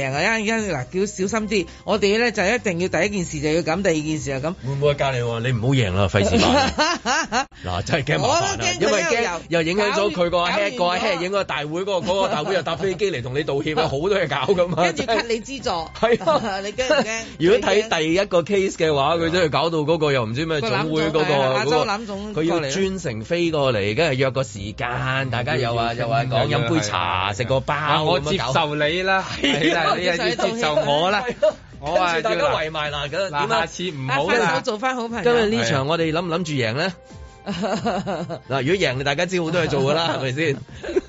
嗱叫小心啲，我哋咧就一定要第一件事就要咁，第二件事又咁。會唔會教你？你唔好贏啦，費事鬧？嗱，真係驚麻煩啊！因為驚又影響咗佢個 head 影個大會，嗰個嗰個大會又搭飛機嚟同你道歉，有好多嘢搞咁啊！跟住 cut 你資助。係啊，你驚唔驚？如果睇第一個 case 嘅話，佢真係搞到嗰個又唔知咩總會嗰個，佢要專程飛過嚟，跟住約個時間，大家又話又話講飲杯茶、食個包，我接受你啦。你又要接受我啦，我啊要維埋難咁。嗱下次唔好啦，做翻好朋友。今日呢場我哋諗唔諗住贏咧？嗱， 如果贏你，大家知好多嘢做噶啦，係咪先？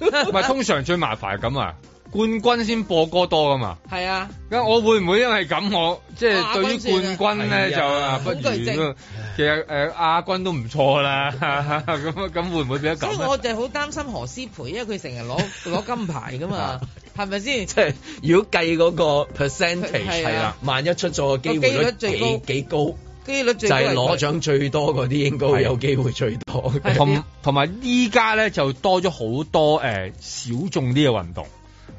唔係通常最麻煩咁啊！冠軍先播歌多噶嘛？係啊！咁我會唔會因為咁我即係對於冠軍咧，就不如其實誒，亞軍都唔錯啦。咁咁會唔會變咗咁？所以我就好擔心何詩蓓，因為佢成日攞攞金牌噶嘛，係咪先？即係如果計嗰個 percentage 係啦，萬一出咗個機會率，嗰幾幾高機率就係攞獎最多嗰啲，應該有機會最多。同同埋依家咧，就多咗好多誒小眾啲嘅運動。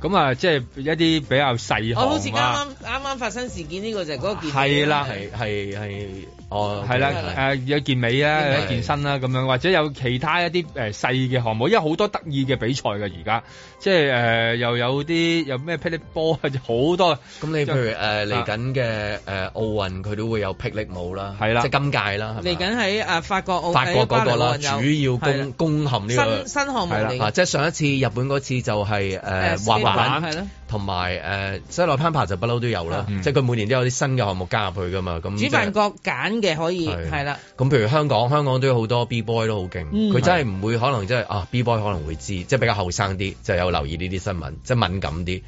咁啊、嗯，即係一啲比較細項啊，好似啱啱啱啱發生事件呢、這個，就個件，就係嗰件係啦，係係係。哦，係啦，誒有健美啊，有健身啦，咁樣或者有其他一啲誒細嘅項目，因為好多得意嘅比賽㗎。而家，即係誒又有啲有咩霹靂波啊，好多。咁你譬如誒嚟緊嘅誒奧運，佢都會有霹靂舞啦，係啦，即係今屆啦。嚟緊喺法國奧法國嗰個啦，主要攻攻陷呢個新新項目。即係上一次日本嗰次就係誒滑板，同埋誒室內攀爬就不嬲都有啦。即係佢每年都有啲新嘅項目加入去㗎嘛。咁主辦國揀。嘅可以係啦，咁是的譬如香港，香港都有好多 B boy 都好勁，嗯，佢真係唔會可能即、就、係、是、的啊 B boy 可能會知，即、就、係、是、比較後生啲，就是、有留意呢啲新聞，即、就、係、是、敏感啲。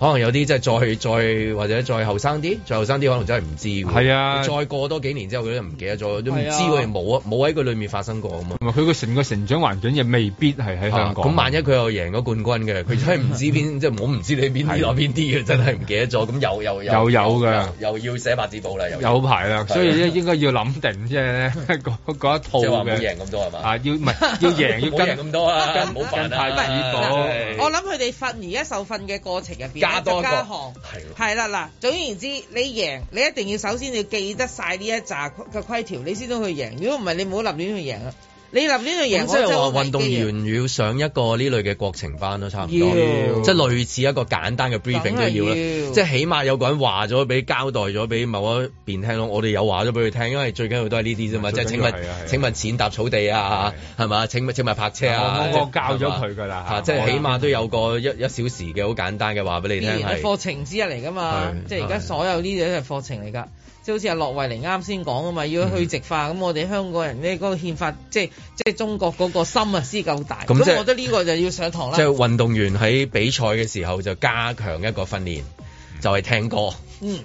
可能有啲即係再再或者再後生啲，再後生啲可能真係唔知㗎。係啊，再過多幾年之後，佢都唔記得咗，都唔知佢哋冇啊，冇喺佢裡面發生過啊嘛。佢個成個成長環境亦未必係喺香港。咁萬一佢又贏咗冠軍嘅，佢真係唔知邊，即係我唔知你邊啲攞邊啲嘅，真係唔記得咗。咁有又又有有嘅，又要寫白紙簿啦，有排啦。所以咧應該要諗定即係嗰一套嘅。即係話贏咁多係嘛？要唔係要贏要跟咁多啊？唔好犯太過。我諗佢哋瞓而家受訓嘅過程入邊。多一加行，係啦嗱。總言之，你贏你一定要首先要記得曬呢一紮嘅規條，你先得去贏。如果唔係，你唔好立亂去贏。你立呢類型，即係話運動員要上一個呢類嘅國情班咯，差唔多，要即係類似一個簡單嘅 briefing 都要啦，要即係起碼有個人話咗俾交代咗俾某一邊聽咯。我哋有話咗俾佢聽，因為最緊要都係呢啲啫嘛，即係請問請問踐踏草地啊，係嘛的？請問請問泊車啊，我教咗佢噶啦，即係的起碼都有個一一小時嘅好簡單嘅話俾你聽係課程之一嚟噶嘛，即係而家所有呢啲都係課程嚟噶。即係好似阿駱惠寧啱先講啊嘛，要去殖化，咁、嗯、我哋香港人咧個憲法，即係即係中國嗰個心啊，先夠大。咁即係我覺得呢個就要上堂啦。即係運動員喺比賽嘅時候就加強一個訓練，就係、是、聽歌。嗯。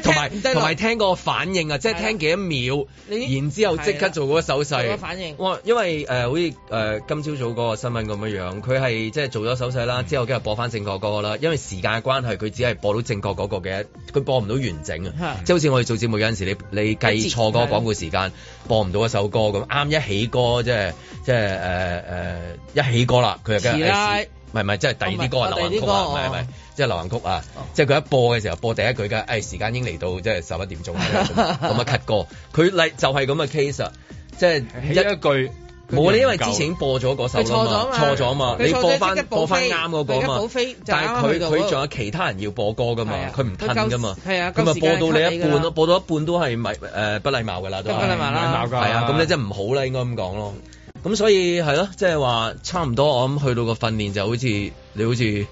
同埋同埋聽個反應啊，的即係聽幾多秒，你然之後即刻做嗰個手勢。反應。因為誒好似誒今朝早嗰個新聞咁樣樣，佢係即係做咗手勢啦，嗯、之後跟住播翻正確嗰個啦。因為時間嘅關係，佢只係播到正確嗰、那個嘅，佢播唔到完整啊。即好似我哋做節目有陣時你，你你計錯嗰個廣告時間，播唔到一首歌咁啱一起歌，即係即係誒一起歌啦，佢又唔係唔係即係第二啲歌啊，流行曲啊，唔係唔係即係流行曲啊，即係佢一播嘅時候播第一句嘅，誒時間已經嚟到即係十一點鐘，咁啊 cut 歌，佢嚟就係咁嘅 case 啊，即係一句冇啊，因為之前已經播咗嗰首啦嘛，錯咗嘛，你播翻播翻啱嗰個嘛，但係佢佢仲有其他人要播歌噶嘛，佢唔吞噶嘛，係啊，咁啊播到你一半咯，播到一半都係咪誒不禮貌噶啦，都唔禮貌啦，係啊，咁你即係唔好啦，應該咁講咯。咁所以係咯，即係話差唔多，我諗去到個訓練就好似你好似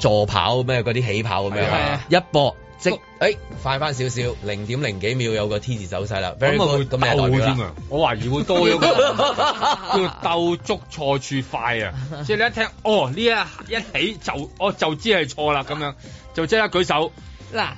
助跑咩，嗰啲起跑咁樣，一搏即誒快翻少少，零點零幾秒有個 T 字走晒啦。咁啊咁你代表啦，我懷疑會多一個，叫鬥捉錯處快啊！即係你一聽哦，呢一一起就我就知係錯啦，咁樣就即刻舉手。嗱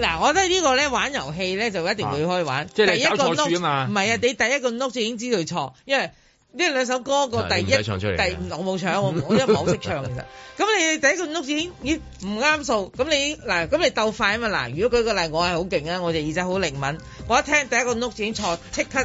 嗱，我覺得呢個咧玩遊戲咧就一定會開玩。即係你搞錯處啊嘛？唔係啊，你第一個 note 就已經知道錯，因為。呢兩首歌個第一，唱出嚟第我冇唱，我因為唔好識唱其實咁 你第一個 note 已經咦唔啱數，咁你嗱咁你鬥快啊嘛嗱。如果舉個例，我係好勁啊，我隻耳仔好靈敏，我一聽第一個 note 已經錯，即刻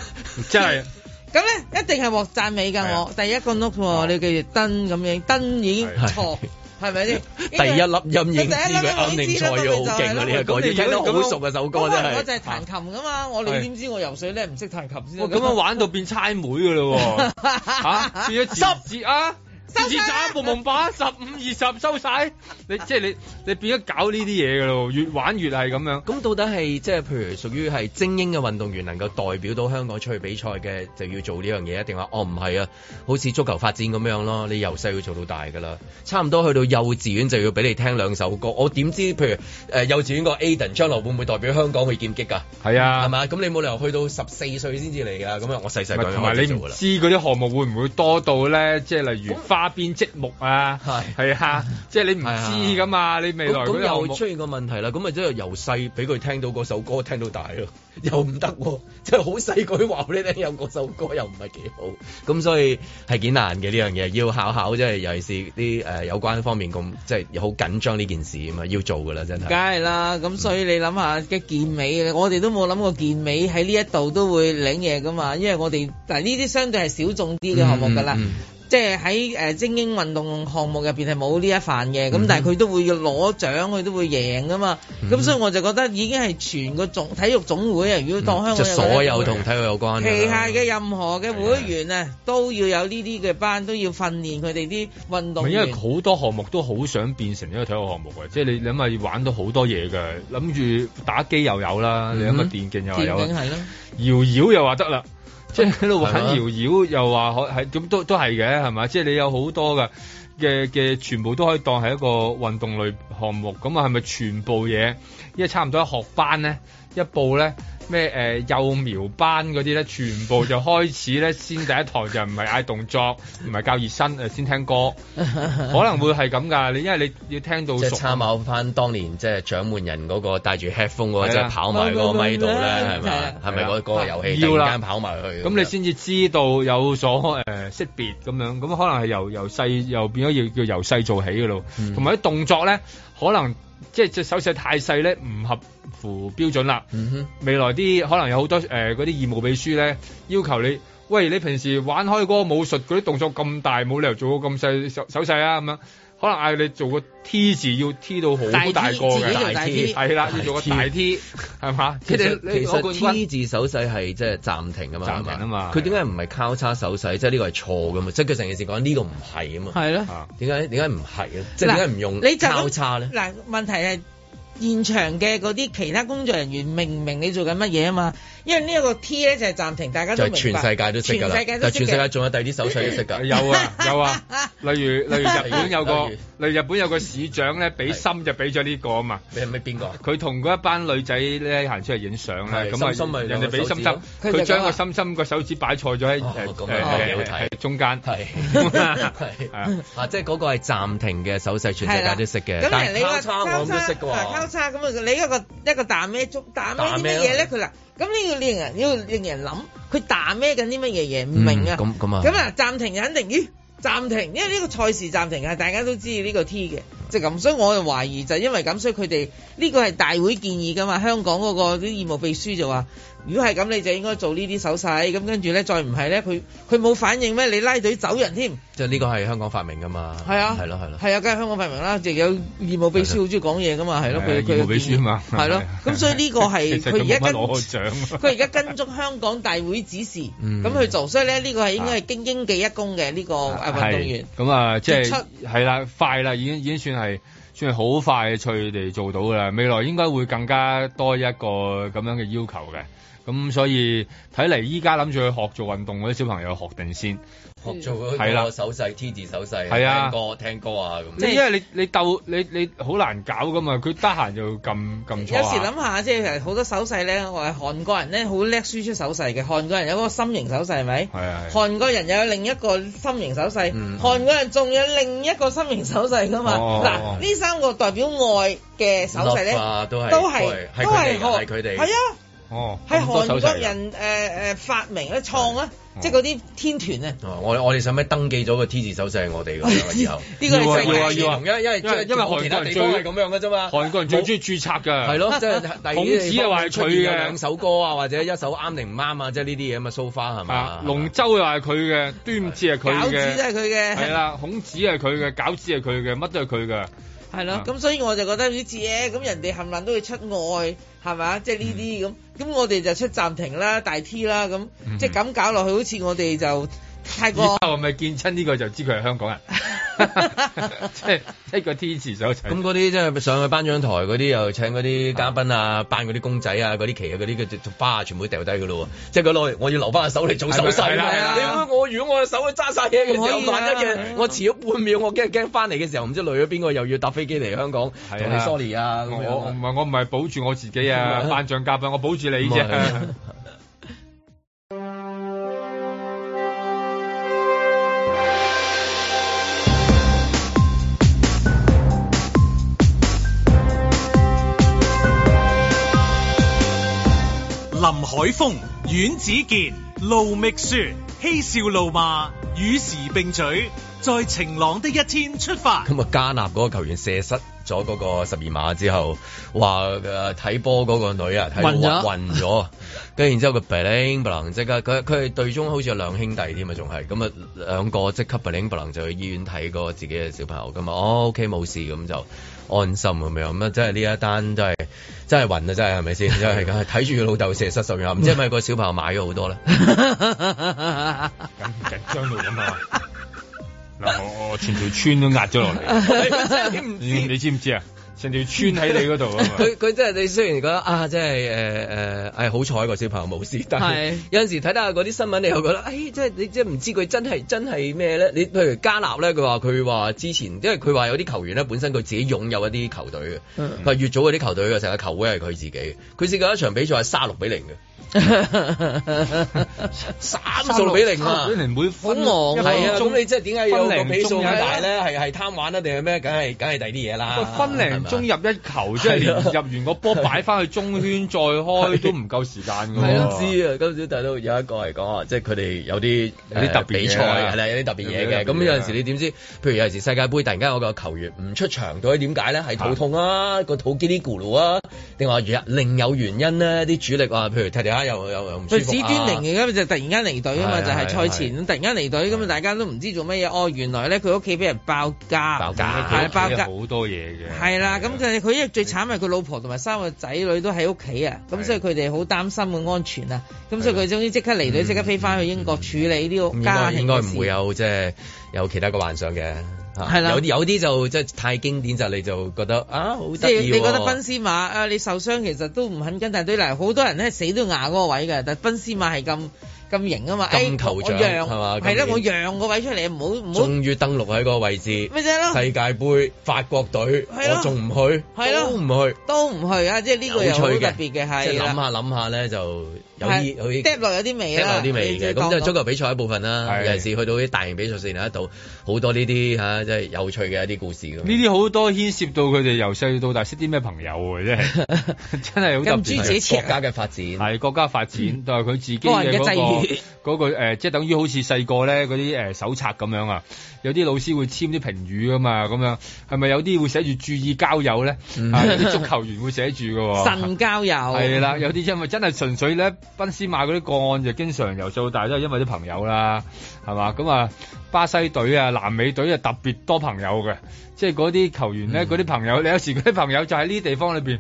真係是。咁咧 一定係獲讚美㗎，啊、我第一個 note、啊、你記住燈咁樣燈已經錯。 係咪先？第一粒音認知嘅音認才要好勁啊！呢一個呢一粒好熟嘅首歌真係。我就係彈琴噶嘛，我你點知我游水咧？唔識彈琴先。哇！咁樣玩到變猜妹噶啦喎，嚇變咗折字啊！自打布蒙板十五二十收晒，你即係你你變咗搞呢啲嘢噶咯，越玩越係咁樣。咁到底係即係譬如屬於係精英嘅運動員能夠代表到香港出去比賽嘅，就要做呢樣嘢，一定話哦唔係啊？好似足球發展咁樣咯，你由細要做到大噶啦，差唔多去到幼稚園就要俾你聽兩首歌。我點知譬如誒、呃、幼稚園個 Aden 將來會唔會代表香港去劍擊是啊？係啊，係嘛？咁你冇理由去到十四歲先至嚟噶，咁啊我細細個知嗰啲項目會唔會多到咧？即係例如花變積木啊，係係啊，啊，即係你唔知噶嘛啊、你未來咁又出現個問題啦，咁咪即係由細俾佢聽到嗰首歌，聽到大咯，又唔得。啊，即係好細句話俾你聽，有嗰首歌又唔係幾好，咁所以係幾難嘅呢樣嘢，要考考即係，就是，尤其是啲誒、呃、有關方面咁，即係好緊張呢件事啊嘛，要做噶啦，真係。梗係啦，咁所以你諗下嘅健美，嗯、我哋都冇諗過健美喺呢一度都會領嘢噶嘛，因為我哋但係呢啲相對係小眾啲嘅項目噶啦嗯嗯即係喺誒精英運動項目入邊係冇呢一份嘅，咁、嗯、哼但係佢都會攞獎，佢都會贏噶嘛。咁所以我就覺得已經係全個總體育總會啊，如果當香港即係、嗯、所有同體育有關旗下嘅任何嘅會員啊，的都要有呢啲嘅班，都要訓練佢哋啲運動。因為好多項目都好想變成一個體育項目嘅，即係你你諗下咪玩到好多嘢嘅，諗住打機又有啦，嗯、你諗下電競又有，電競係啦，搖搖又話得啦。即係喺度玩搖搖又，又話可係咁都都係嘅，係咪即係你有好多嘅嘅嘅，全部都可以當係一個運動類項目。咁啊，係咪全部嘢？因為差唔多一學班咧，一報咧。咩誒、呃、幼苗班嗰啲咧，全部就開始咧，先第一堂就唔係嗌動作，唔係教熱身、呃，先聽歌，可能會係咁噶。你因為你要聽到即參考翻當年即係、就是、掌門人嗰個戴住 headphone，即、那、係、個、了跑埋個咪度咧，係咪？係咪嗰個遊戲突然間跑埋去？咁你先至知道有所誒、呃、識別咁樣，咁可能係由由細又變咗要叫由細做起嘅咯。同埋啲動作咧，可能。即係只手勢太細咧，唔合乎標準啦。嗯哼。未來啲可能有好多誒嗰啲義務秘書咧，要求你，喂，你平時玩開嗰個武術嗰啲動作咁大，冇理由做到咁細手手勢啊咁樣。可能嗌你做個 T 字要 T 到好大個嘅大 T，係啦，要做個大 T 係嘛？其實其實 T 字手勢係即係暫停啊嘛，暫停啊嘛。佢點解唔係交叉手勢？即係呢個係錯嘅嘛。即係佢成件事講呢個唔係啊嘛。係咯。點解點解唔係啊？即係點解唔用交叉咧？嗱，問題係現場嘅嗰啲其他工作人員明唔明你做緊乜嘢啊嘛？因為呢一個 T 咧就係暫停，大家都明白。就全世界都識㗎啦，但係全世界仲有第二啲手勢都識㗎。有啊有啊，例如例如日本有個，例如日本有個市長咧，俾心就俾咗呢個啊嘛。你係咪邊個？佢同嗰一班女仔咧行出嚟影相咧，咁啊人哋俾心心，佢將個心心個手指擺錯咗喺中間。係啊，即係嗰個係暫停嘅手勢，全世界都識嘅。咁嚟你個交叉我未識㗎喎。交叉咁你嗰個一個打咩竹？打咩嘢咧？佢嗱。咁呢個令人要令人諗，佢彈咩緊啲乜嘢嘢？唔、嗯、明啊！咁咁啊！咁啊，暫停就肯定咦？暫停，因為呢個賽事暫停啊，大家都知呢個 T 嘅，即係咁。所以我就懷疑就係、因為咁，所以佢哋呢個係大會建議噶嘛？香港嗰個啲義務秘書就話。如果係咁，你就應該做呢啲手勢。咁跟住咧，再唔係咧，佢佢冇反應咩？你拉隊走人添。就呢個係香港發明噶嘛？係啊，係咯，係咯，係啊，梗係香港發明啦。就有義務秘書好中意講嘢噶嘛？係咯，佢佢義務秘書嘛？係咯。咁所以呢個係佢而家跟佢而家跟足香港大會指示咁去做。所以咧，呢個係應該係兢兢業業功嘅呢個誒運動員。咁啊，即係係係啦，快啦，已經已經算係算係好快脆地做到啦。未來應該會更加多一個咁樣嘅要求嘅。咁所以睇嚟，依家諗住去學做運動嗰啲小朋友學定先，學做嗰個手勢 T 字手勢，係啊，聽歌聽歌啊咁。因為你你斗你你好難搞噶嘛，佢得閒就咁咁錯。有時諗下即係，其實好多手勢咧，我係韓國人咧好叻輸出手勢嘅。韓國人有個心形手勢，係咪？係啊。韓國人又有另一個心形手勢，韓國人仲有另一個心形手勢噶嘛？嗱，呢三個代表愛嘅手勢咧，都係都係都係愛，係佢哋係啊。哦，韓國人誒發明咧、創咧，即係嗰啲天團咧。我我哋使使登記咗個 T 字手勢係我哋㗎？以後，呢啊要啊要因為因為因為韓國人最係咁樣嘅啫嘛。韓國人最中意註冊㗎。係咯，孔子又話係佢嘅兩首歌啊，或者一首啱定唔啱啊，即係呢啲嘢啊嘛。so far 係嘛？龍舟又係佢嘅，端午節係佢嘅，餃子真係佢嘅。係啦，孔子係佢嘅，餃子係佢嘅，乜都係佢嘅。係咯，咁、啊、所以我就覺得好似誒，咁、欸、人哋冚唪唥都會出外，係咪啊？即係呢啲咁，咁、嗯、我哋就出暫停啦、大 T 啦，咁即係咁搞落去，好似我哋就。依家我咪見親呢個就知佢係香港人，即係一個個天池上請。咁嗰啲即係上去頒獎台嗰啲又請嗰啲嘉賓啊，頒嗰啲公仔啊，嗰啲旗啊，嗰啲花啊，全部掉低㗎咯。即係佢攞，我要留翻隻手嚟做手勢啦。點解我如果我隻手揸晒嘢，又攔得嘅？我遲咗半秒，我驚驚翻嚟嘅時候，唔知累咗邊個又要搭飛機嚟香港同你 sorry 啊？我唔係我唔係保住我自己啊，頒獎嘉賓，我保住你啫。林海峰、阮子健、盧覓雪、嬉笑怒罵，與時並舉，在晴朗的一天出發。今日加納嗰個球員射失咗嗰個十二碼之後，話睇波嗰個女啊，暈咗，跟住然之後個鼻靈鼻棱即刻，佢佢隊中好似有兩兄弟添啊，仲係咁啊，兩個即刻鼻靈鼻棱就去醫院睇過自己嘅小朋友咁嘛，哦，OK 冇事咁就安心咁樣，咁啊真係呢一單真係真係暈啊，真係係咪先？真係咁睇住佢老豆射失十二碼，唔知係咪個小朋友買咗好多咧，咁緊張到咁啊！我我 全條村都壓咗落嚟，你知唔知啊？成條村喺你度啊！佢佢真係你雖然覺得啊，即係誒誒，係、呃哎、好彩個小朋友冇事，是但係有陣時睇下啲新聞，你又覺得誒，即係你即係唔知佢真係真係咩咧？你，你譬如加納咧，佢話佢話之前，因為佢話有啲球員咧，本身佢自己擁有一啲球隊嘅，佢越早啲球隊啊，成個球會係佢自己，佢試過一場比賽係三十六比零嘅。 三數比零啊！分零每分零係王啊！咁你即係點解有個比數咁大咧？係係貪玩啊定係咩？梗係梗係第二啲嘢啦。分零中入一球，即係吧入完個波擺翻去中圈再開都唔夠時間噶。係知啊！都時啊知今次睇到有一個嚟講啊，即係佢哋有啲有啲特別、呃、比賽係啦，有啲特別嘢嘅。咁有陣時你點知？譬如有陣時世界杯突然間有個球員唔出場，到底點解咧？係肚痛啊，的個肚嘰哩咕嚕啊，定話另有原因咧？啲主力啊，譬如踢而家又又咁，佢史端寧嘅咁就突然間離隊啊嘛，就係賽前突然間離隊咁啊，大家都唔知做乜嘢。哦，原來咧佢屋企俾人爆家，爆家，爆家好多嘢嘅。係啦，咁就佢佢因為最慘係佢老婆同埋三個仔女都喺屋企啊，咁所以佢哋好擔心嘅安全啊。咁所以佢終於即刻離隊，即刻飛翻去英國處理呢個家庭事。應該應該唔會有即係有其他個幻想嘅。係啦，有啲有啲就即係太經典就你就覺得啊好得意喎。你,你覺得賓斯馬啊，你受傷其實都唔肯跟，但係嚟。好多人咧死都咬嗰個位嘅，但係賓斯馬係咁。咁型啊嘛，金球獎係嘛？係咯，我讓個位出嚟，唔好唔好。終於登陸喺個位置，咪就世界盃法國隊，我仲唔去？係咯，都唔去，都唔去啊！即係呢個又好特別嘅，係啦。諗下諗下咧，就有啲有啲跌落有啲味，落有啲味嘅。咁就足球比賽一部分啦，尤其是去到啲大型比賽一度，好多呢啲嚇，即係有趣嘅一啲故事。呢啲好多牽涉到佢哋由細到大識啲咩朋友喎，真係真係好特別。自己國家嘅發展，係國家發展，但係佢自己嘅際遇。嗰、 那個、呃、即係等於好似細個咧嗰啲誒手冊咁樣啊，有啲老師會簽啲評語啊嘛，咁樣係咪有啲會寫住注意交友咧、 啊？有啲足球員會寫住嘅、啊，慎交友。係啦，有啲因為真係純粹咧，賓 斯馬嗰啲個案就經常由細到大都係因為啲朋友啦，係嘛？咁啊，巴西隊啊、南美隊啊特別多朋友嘅，即係嗰啲球員咧，嗰啲 朋友，你有時嗰啲朋友就喺呢啲地方裏邊。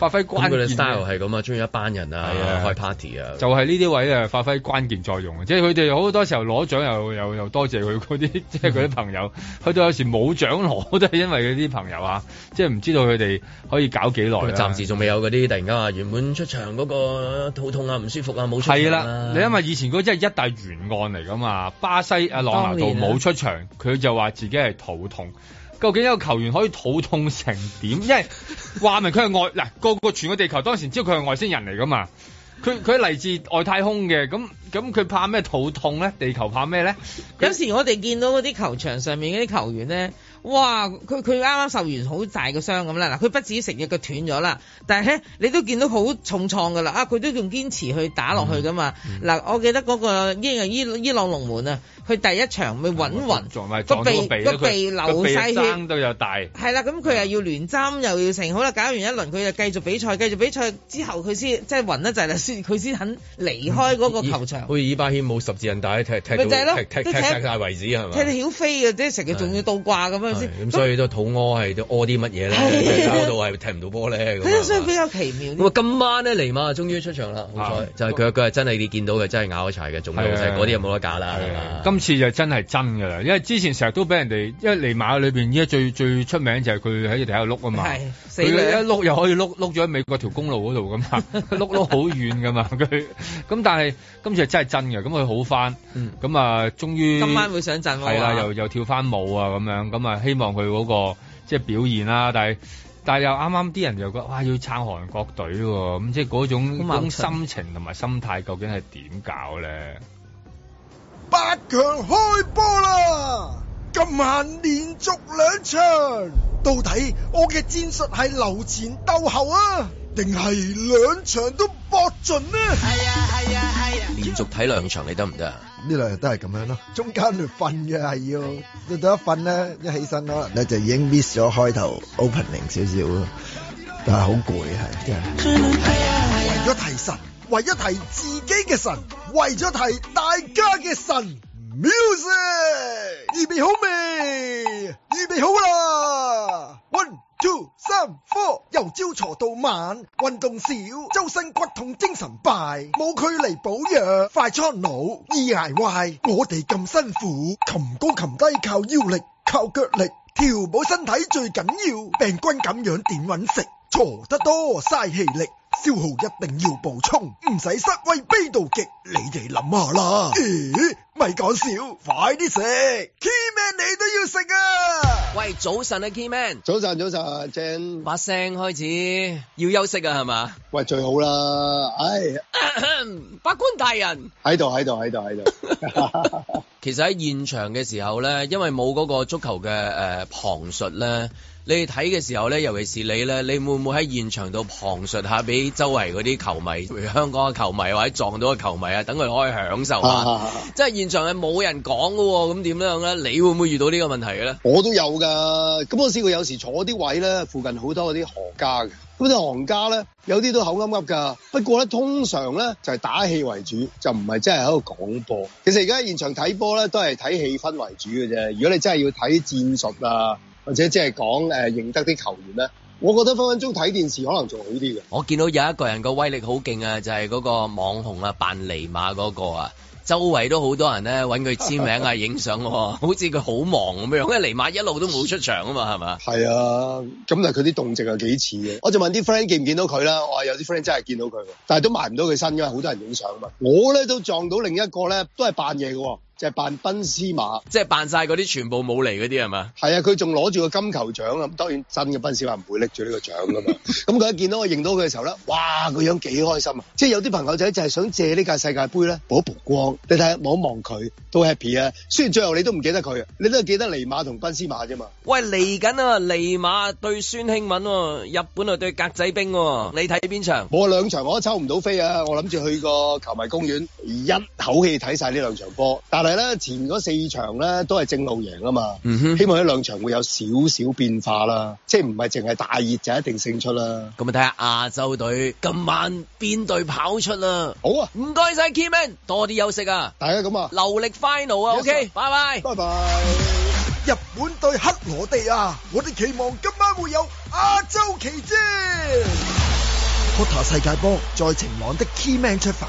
發揮關鍵，佢哋 style 係咁啊，中意一班人啊，係啊開 party 啊，就係呢啲位啊，發揮關鍵作用，即係佢哋好多時候攞獎又又又多謝佢啲，即係嗰啲朋友，佢到 有時冇獎攞都係因為嗰啲朋友啊，即係唔知道佢哋可以搞幾耐啦。暫時仲未有嗰啲，突然間話原本出場嗰個肚痛啊、唔舒服啊冇出場啊。係啦，你因為以前嗰即係一大懸案嚟噶嘛，巴西阿朗拿度冇出場，佢就話自己係肚痛。究竟一個球員可以肚痛成點？因為話明佢係外嗱，個個全個地球當時知道佢係外星人嚟噶嘛？佢佢嚟自外太空嘅，咁咁佢怕咩肚痛咧？地球怕咩咧？有時我哋見到嗰啲球場上面嗰啲球員咧，哇！佢佢啱啱受完好大嘅傷咁啦，嗱佢不止成個腳斷咗啦，但係咧你都見到好重創噶啦，啊佢都仲堅持去打落去噶嘛？嗱、嗯嗯、我記得嗰個伊人伊伊朗龍門啊。佢第一場咪揾暈，個鼻個鼻流都有大，係啦，咁佢又要連針又要成，好啦，搞完一輪佢就繼續比賽，繼續比賽之後佢先即係暈一陣啦，先佢先肯離開嗰個球場。好似伊巴謙冇十字韌帶踢踢到踢踢踢大為止係踢到曉飛嘅，即係成日仲要倒掛咁樣先。咁所以都肚屙係屙啲乜嘢咧？搞到係踢唔到波咧。所以比較奇妙。咁今晚呢，尼馬，終於出場啦，好彩。就係佢佢係真係你見到嘅，真係拗柴嘅，仲嗰啲冇得假啦。次就真係真噶啦，因為之前成日都俾人哋，因為尼馬裏邊依家最最出名就係佢喺度喺度碌啊嘛，佢一碌又可以碌碌咗喺美國條公路嗰度噶嘛，碌碌好遠噶嘛佢，咁但係今次真係真嘅，咁佢好翻，咁、嗯、啊終於今晚會上陣咯，係啦，又又跳翻舞啊咁樣，咁啊希望佢嗰、那個即係、就是、表現啦、啊，但係但係又啱啱啲人又覺得哇要撐韓國隊喎、啊，咁即係嗰種心情同埋心態究竟係點搞咧？八強開波啦、啊！今晚連續兩場，到底我嘅戰術係留前鬥後啊，定係兩場都搏盡呢？係啊係啊係啊！ 連續睇兩場你得唔得？呢兩日都係咁樣咯。中間去瞓嘅係要，到呀一瞓咧，一起身囉，你就已經 miss 咗開頭 opening 少少咯，但係好攰係。真係為咗提神為咗提自己嘅神，為咗提大家嘅神，music，預備好未？預備好啦！One two three four，由朝坐到晚，運動少，周身骨痛，精神敗，冇佢嚟保養，快出腦，易挨壞。我哋咁辛苦，擒高擒低靠腰力，靠腳力，調補身體最緊要，病菌咁樣點搵食？嘈得多，嘥氣力，消耗一定要補充，唔使失威，悲到極，你哋諗下啦。咦、欸，咪講笑？快啲食，Keyman 你都要食啊！喂，早晨啊，Keyman，早晨早晨，鄭，把聲開始，要休息啊，係嘛？喂，最好啦，唉，法官大人，喺度喺度喺度喺度。 其實喺現場嘅時候咧，因為冇嗰個足球嘅誒旁述咧。呃你睇嘅時候咧，尤其是你咧，你會唔會喺現場度旁述下俾周圍嗰啲球迷，譬如香港嘅球迷或者撞到嘅球迷啊，等佢可以享受下？啊啊、即係現場係冇人講㗎喎，咁點樣咧？你會唔會遇到呢個問題嘅咧？我都有㗎。咁我試過有時坐啲位咧，附近好多嗰啲行家嘅。咁啲行家咧，有啲都口噏噏㗎。不過咧，通常咧就係、是、打氣為主，就唔係真係喺度講波。其實而家現場睇波咧，都係睇氣氛為主嘅啫。如果你真係要睇戰術啊～或者即係講，誒，認得啲球員咧，我覺得分分鐘睇電視可能仲好啲嘅。我見到有一個人個威力好勁啊，就係、是、嗰個網紅啊，扮尼馬嗰、那個啊，周圍都好多人咧揾佢簽名啊，影相， 好似佢好忙咁樣。因為尼馬一路都冇出場啊嘛，係嘛 吧？係啊，咁啊佢啲動靜係幾似嘅。我就問啲 friend 見唔見到佢啦？我話有啲 friend 真係見到佢，但係都埋唔到佢身，因為好多人影相啊嘛。我咧都撞到另一個咧，都係扮嘢嘅。就係扮賓斯馬，即係扮晒嗰啲全部冇嚟嗰啲係嘛？係啊，佢仲攞住個金球獎啊！當然真嘅賓斯馬唔會拎住呢個獎㗎嘛。咁佢 一見到我認到佢嘅時候咧，哇個樣幾開心啊！即係有啲朋友仔就係想借呢屆世界杯咧曝一曝光。你睇下，望一望佢都 happy 啊！雖然最後你都唔記得佢，啊，你都係記得尼馬同賓斯馬啫嘛。喂，嚟緊啊！尼馬對孫興敏、哦，日本啊對格仔兵、哦，你睇邊場？冇啊，兩場我都抽唔到飛啊！我諗住去個球迷公園一口氣睇晒呢兩場波，但係。係啦，前嗰四場咧都係正路贏啊嘛，嗯、哼希望呢兩場會有少少變化啦，即係唔係淨係大熱就一定勝出啦。咁啊睇下亞洲隊今晚邊隊跑出啦？好啊，唔該晒，Keyman 多啲休息啊，大家咁啊流力 final 啊，OK，拜拜，拜拜。日本對克羅地亞，我哋期望今晚會有亞洲奇蹟。Qatar 世界波，在晴朗的 Keyman 出發。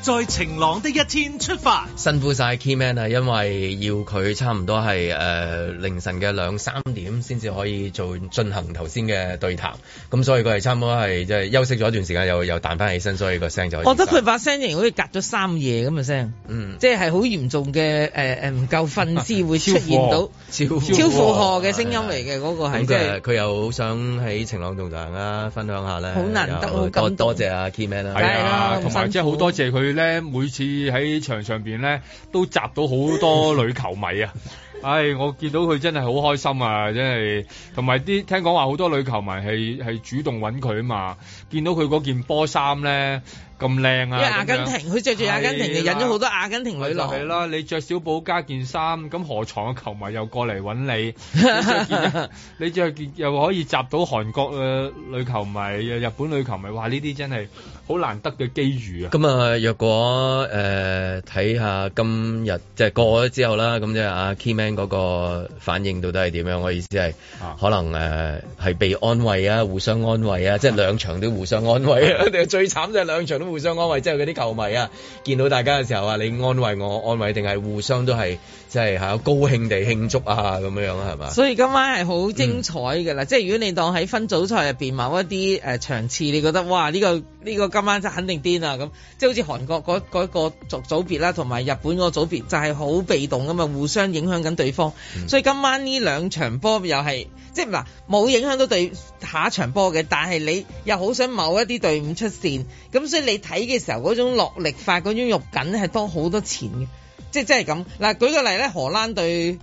在晴朗的一天出發，辛苦晒 Keyman 啊！因為要佢差唔多係誒凌晨嘅兩三點先至可以做進行頭先嘅對談，咁所以佢係差唔多係即係休息咗一段時間，又又彈翻起身，所以個聲就，我覺得佢把聲型好似隔咗三夜咁嘅聲，嗯，即係好嚴重嘅誒誒唔夠瞓先會出現到超負荷嘅聲音嚟嘅個係，即係佢又好想喺晴朗同場啊分享下咧，好難得啊！咁多謝阿 Keyman 啊，係啊，同埋即係好多謝佢。佢咧每次喺場上邊咧都集到好多女球迷啊！唉、哎，我見到佢真係好開心啊，真係同埋啲聽講話好多女球迷係係主動揾佢啊嘛，見到佢嗰件波衫咧。咁靚啊！因為阿根廷，佢着住阿根廷嘅了引咗好多阿根廷女郎。係啦，你着小寶加件衫，咁荷蘭嘅球迷又過嚟揾你。 你著件又可以集到韓國嘅女球迷、日本女球迷，話呢啲真係好難得嘅機遇啊。咁啊、嗯，若果誒睇下今日即係過咗之後啦，咁即阿 Keyman 嗰個反應到底係點樣？我意思係、啊、可能誒係、呃、被安慰啊，互相安慰啊， 即係兩場都互相安慰啊。 最慘就係兩場都。互相安慰，即係嗰啲球迷啊，見到大家嘅時候啊，你安慰我，安慰定係互相都係。即係有高興地慶祝啊咁樣樣啦，係嘛？所以今晚係好精彩嘅啦。嗯、即係如果你當喺分組賽入邊某一啲誒、呃、場次，你覺得哇呢、這個呢、這個今晚就肯定癲啊咁。即係好似韓國嗰、那、嗰個別、那個、組別啦，同埋日本嗰個組別就係好被動咁啊，互相影響緊對方。嗯、所以今晚呢兩場波又係即係嗱，冇影響到對下一場波嘅，但係你又好想某一啲隊伍出線咁，所以你睇嘅時候嗰種落力法，嗰種肉緊係多好多錢嘅。即係即係咁，嗱舉個例咧，荷蘭對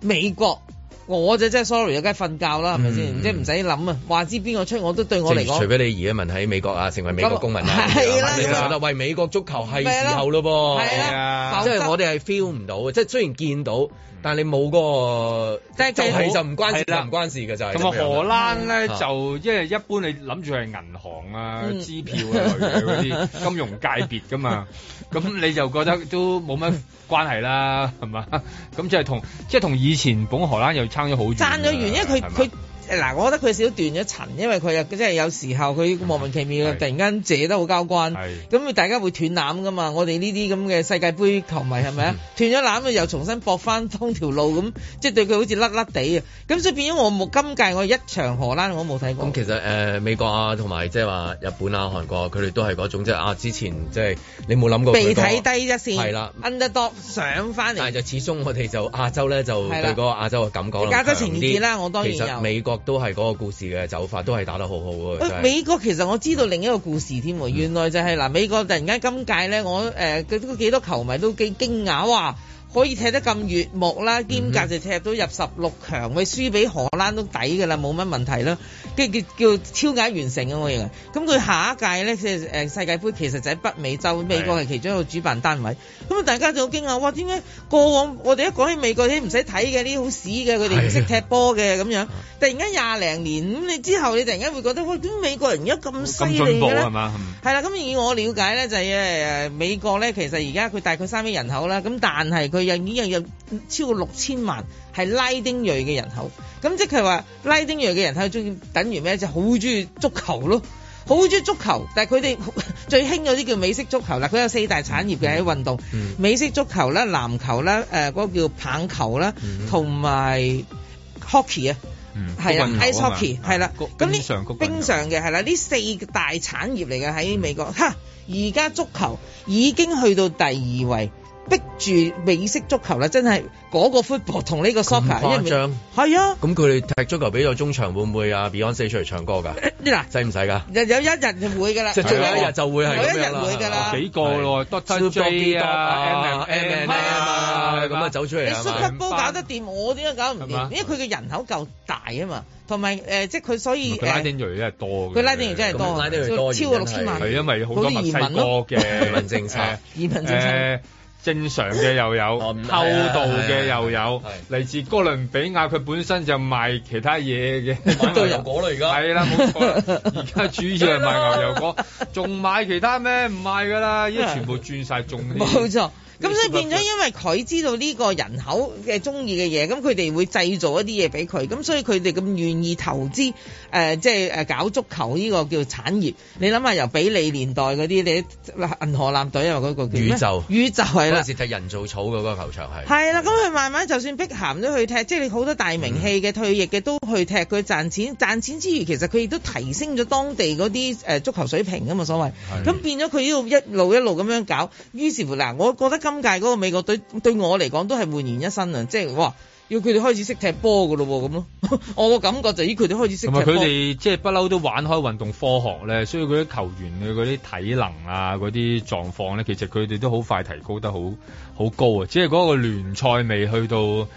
美國，我就真係 sorry，有梗瞓覺啦，係咪先？嗯、即係唔使諗啊，話知邊個出我都對我嚟講。除非你移民喺美國啊，成為美國公民那啊，係啦，係啦，為美國足球係時候咯噃，即係我哋係 feel 唔到嘅，即係雖然見到。但你冇嗰、嗰個，即係就係就唔關事啦，唔關事嘅就係。同埋荷蘭咧，嗯、就因為一般你諗住係銀行啊、嗯、支票啊嗰啲金融界別噶嘛，咁你就覺得都冇乜關係啦，係嘛？咁就係同即係同以前本荷蘭又撐咗好。賺咗原、啊、因佢佢。吧嗱，我覺得佢少少斷咗層，因為佢又即係有時候佢莫名其妙突然間借得好交關，咁是大家會斷纜㗎嘛？我哋呢啲咁嘅世界盃球迷係咪啊？是是嗯、斷咗纜又重新駁返通條路咁，即係對佢好似甩甩地啊！咁所以變咗我冇今屆我一場荷蘭我冇睇過。咁、嗯、其實誒、呃、美國啊，同埋即係話日本啊、韓國，佢哋都係嗰種即係啊，之前即、就、係、是、你冇諗過未睇低一線，係啦 underdog 上返嚟。但係就始終我哋就亞洲咧就對嗰個亞洲嘅感覺了，亞洲情結啦，我當然有。其實美國。都係嗰個故事嘅走法，都係打得好好咯。美國其實我知道另一個故事添，嗯、原來就係、是、嗱，美國突然間今屆咧，我誒佢都幾多球迷都幾驚訝哇！可以踢得咁悅目啦，兼夾就踢到入十六強咪輸俾荷蘭都抵㗎啦，冇乜問題啦。即係叫叫超額完成嘅，我認為。咁佢下一屆咧，即係誒世界杯，其實就喺北美洲，美國係其中一個主辦單位。咁啊，大家就好驚訝，哇！點解過往我哋一講起美國啲唔使睇嘅，啲好屎嘅，佢哋唔識踢波嘅咁樣。是的 突然間廿零年，咁你之後你突然間會覺得，喂，點解美國人而家咁犀利嘅咧？係啦，咁以我了解咧，就係、誒、誒美國咧，其實而家佢大概三億人口啦，咁但係佢又已經有超過六千萬。係拉丁裔嘅人口，咁即係話拉丁裔嘅人口中，等於咩？就好鍾意足球咯，好鍾意足球。但係佢哋最興嗰啲叫美式足球啦，佢有四大產業嘅喺運動。嗯、美式足球啦、籃球啦、嗰、呃嗰個叫棒球啦，同埋 hockey 啊，係球 H 啊 ice hockey 係啦。咁呢冰上嘅係啦，呢四大產業嚟嘅喺美國。哈、嗯，而家、啊、足球已經去到第二位。逼住美式足球咧，真係嗰個 football 同呢個 soccer，唔誇張，係啊。咁佢哋踢足球俾咗中場，會唔會啊 Beyonce 出嚟唱歌㗎？嗱，使唔使㗎？有有一日就會㗎啦，有一日就會係一人會㗎啦。幾個咯？多真幾多咁啊走出嚟啊！你 soccer ball 搞得掂，我點解搞唔掂？因為佢嘅人口夠大啊嘛，同埋誒，即係佢所以拉丁裔真係多嘅，拉丁裔真係多，超過六千萬。係因為好多移民多嘅移民政策。正常嘅又有，偷渡嘅又有，嚟自哥倫比亞。佢本身就賣其他嘢嘅牛油果啦而家，係啦冇錯啦。而家主要係賣牛油果，仲買其他咩？唔賣㗎啦，依家全部轉晒，種。冇錯。咁所以變咗，因為佢知道呢個人口嘅中意嘅嘢，咁佢哋會製造一啲嘢俾佢，咁所以佢哋咁願意投資誒、呃，即係搞足球呢個叫產業。你諗下，由比利年代嗰啲你銀河艦隊啊、那、嗰個叫宇宙宇宙係啦。嗰陣時踢人造草嗰個球場係。係啦，咁佢慢慢就算碧咸都去踢，即係你好多大名氣嘅退役嘅都去踢，佢賺錢，嗯、賺錢之餘，其實佢亦都提升咗當地嗰啲足球水平㗎嘛，所謂。咁的變咗佢一路一路咁樣搞，於是乎嗱，我覺得今今屆嗰個美國隊對，對我嚟講都係煥然一新啊！即係哇，要佢哋開始識踢波噶咯咁咯，我個感覺就係，佢哋開始識。同埋佢哋即係不嬲都玩開運動科學咧，所以佢啲球員嘅嗰啲體能啊，嗰啲狀況咧，其實佢哋都好快提高得好好高啊！只係嗰個聯賽未去到。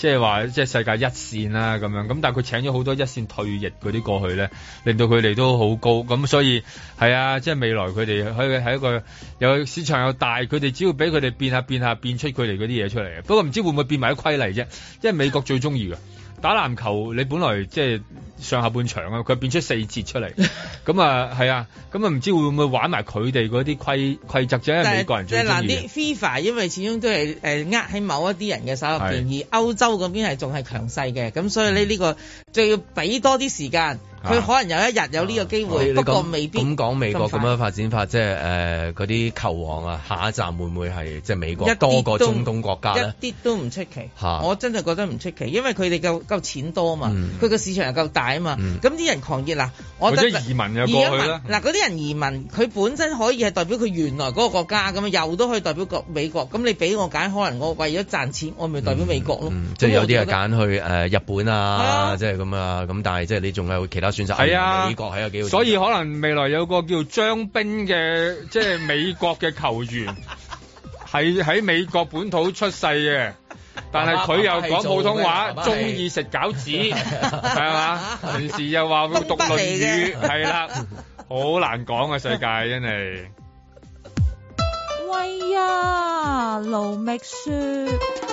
即係話即係世界一線啦、啊、咁樣，咁但佢請咗好多一線退役嗰啲過去咧，令到佢哋都好高，咁所以係啊，即係未來佢哋可以係一個有市場又大，佢哋只要俾佢哋變下變下變出佢哋嗰啲嘢出嚟。不過唔知會唔會變埋規例啫，因為美國最中意㗎。打籃球你本來即係上下半場啊，佢變出四節出嚟，咁啊係啊，咁啊唔知會唔會玩埋佢哋嗰啲規規則，只因為美國人即係嗱啲 FIFA，因為始終都係呃喺某一啲人嘅手入邊。是而歐洲嗰邊係仲係強勢嘅，咁所以呢呢、呢個就、嗯、要俾多啲時間。佢可能有一日有呢個機會，不過未必。咁講美國咁樣發展法，即係誒嗰啲球王啊，下一站會唔會係即係美國多過中東國家咧？一啲都唔出奇，我真係覺得唔出奇，因為佢哋夠夠錢多嘛，佢個市場又夠大啊嘛，咁啲人狂熱啦，我覺得移民有過去啦。嗱，嗰啲人移民，佢本身可以係代表佢原來嗰個國家咁又都可以代表美國。咁你俾我揀，可能我為咗賺錢，我咪代表美國咯。即係有啲人揀去日本啊，即係咁啊，咁但係即係你仲有其他。係啊，美國係有機會，所以可能未來有個叫張兵嘅，即係美國嘅球員，係喺美國本土出世嘅，但係佢又講普通話，鍾意食餃子，係嘛？平時又話會讀論語，係啦，好難講嘅世界真係。喂啊，盧覓雪。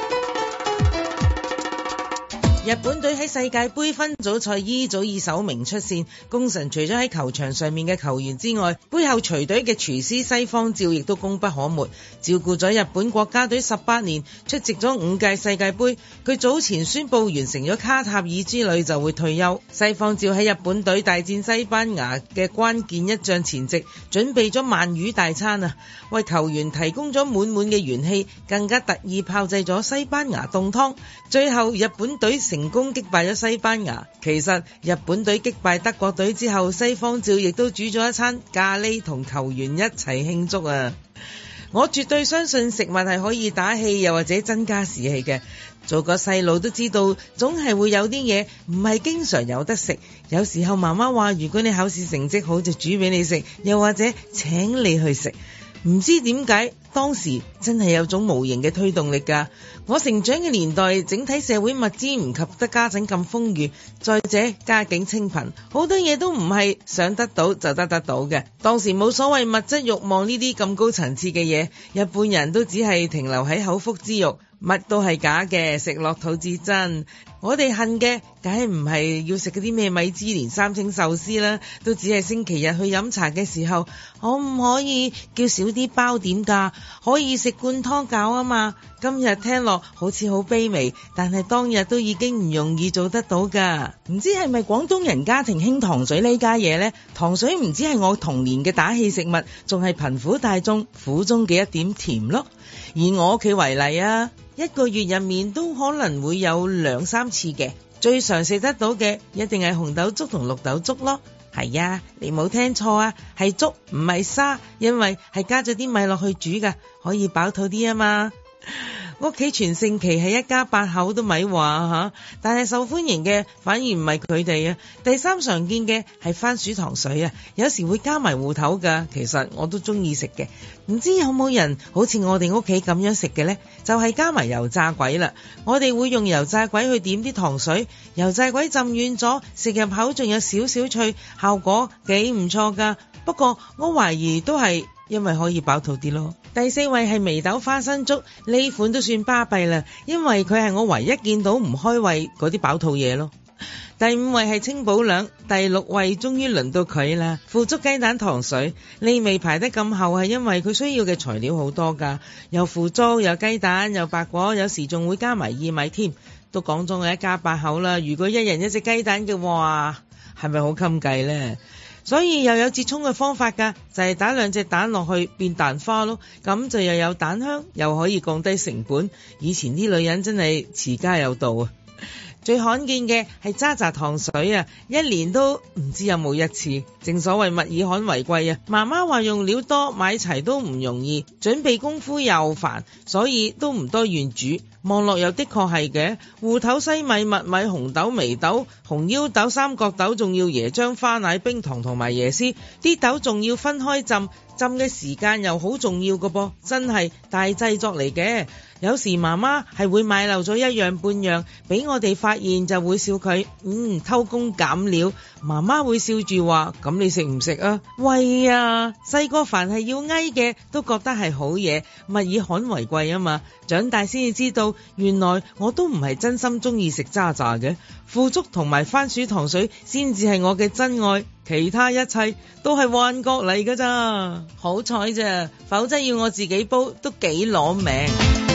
日本隊喺世界杯分組賽一早以首名出線，功臣除咗喺球場上面嘅球員之外，背後隨隊嘅廚師西方照亦都功不可沒，照顧咗日本國家隊十八年，出席咗五屆世界杯。佢早前宣布完成咗卡塔爾之旅就會退休。西方照喺日本隊大戰西班牙嘅關鍵一仗前夕，準備咗鰻魚大餐啊，為球員提供咗滿滿嘅元氣，更加特意炮製咗西班牙凍湯。最後日本隊成。成功擊敗咗西班牙，其實日本隊擊敗德國隊之後，西方照亦都煮咗一餐咖喱同球員一齊慶祝啊！我絕對相信食物係可以打氣，又或者增加士氣嘅。做個細路都知道，總係會有啲嘢唔係經常有得食，有時候媽媽話如果你考試成績好就煮俾你食，又或者請你去食。唔知點解當時真係有種無形嘅推動力噶。我成長嘅年代，整體社會物資唔及得家陣咁豐裕，再者家境清貧，好多嘢都唔係想得到就得得到嘅。當時冇所謂物質欲望呢啲咁高層次嘅嘢，日本人都只係停留喺口腹之欲。乜都係假嘅，食落肚至真。我哋恨嘅，梗係唔係要食嗰啲咩米芝蓮三星壽司啦？都只係星期日去飲茶嘅時候，可唔可以叫少啲包點㗎？可以食灌湯餃啊嘛。今日聽落好似好卑微，但係當日都已經唔容易做得到㗎。唔知係咪廣東人家庭興糖水呢家嘢呢？糖水唔只係我童年嘅打氣食物，仲係貧苦大眾苦中嘅一點甜咯。以我屋企為例啊，一個月入面都可能會有兩三次嘅，最常食得到嘅一定係紅豆粥同綠豆粥咯。係啊，你冇聽錯啊，係粥唔係沙，因為係加咗啲米落去煮㗎，可以飽肚啲啊嘛。屋企全盛期係一家八口都咪話嚇，但係受歡迎嘅反而唔係佢哋啊。第三常見嘅係番薯糖水啊，有時會加埋芋頭㗎。其實我都中意食嘅，唔知有冇人好似我哋屋企咁樣食嘅呢？就係加埋油炸鬼啦。我哋會用油炸鬼去點啲糖水，油炸鬼浸軟咗，食入口仲有少少脆，效果幾唔錯噶。不過我懷疑都係因為可以飽肚啲咯。第四位係眉豆花生粥，呢款都算巴閉啦，因為佢係我唯一見到唔開胃嗰啲飽肚嘢咯。第五位係清補涼，第六位終於輪到佢啦，腐竹雞蛋糖水。呢味排得咁後係因為佢需要嘅材料好多噶，又腐竹有雞蛋又白果，有時仲會加埋薏米添。都講咗我一家八口啦，如果一人一隻雞蛋嘅話，係咪好襟計呢？所以又有折衷嘅方法㗎，就係打兩隻蛋落去變蛋花咯，咁就又有蛋香，又可以降低成本。以前啲女人真係持家有道啊！最罕見嘅係渣渣糖水啊，一年都唔知有冇一次。正所謂物以罕為貴啊！媽媽話用料多，買齊都唔容易，準備功夫又煩，所以都唔多願煮。望落又的確係嘅，芋頭、西米、麥米、紅豆、眉豆、紅腰豆、三角豆，仲要椰漿、花奶、冰糖同埋椰絲，啲豆仲要分開浸，浸嘅時間又好重要㗎噃，真係大製作嚟嘅。有時媽媽係會買漏咗一樣半樣，俾我哋發現就會笑佢，嗯，偷工減料。媽媽會笑住話：咁你食唔食啊？喂呀，細個凡係要埃嘅都覺得係好嘢，物以罕為貴啊嘛。長大先至知道，原來我都唔係真心中意食渣渣嘅，腐竹同埋番薯糖水先至係我嘅真愛，其他一切都係幻覺嚟噶咋。好彩咋，否則要我自己煲都幾攞命。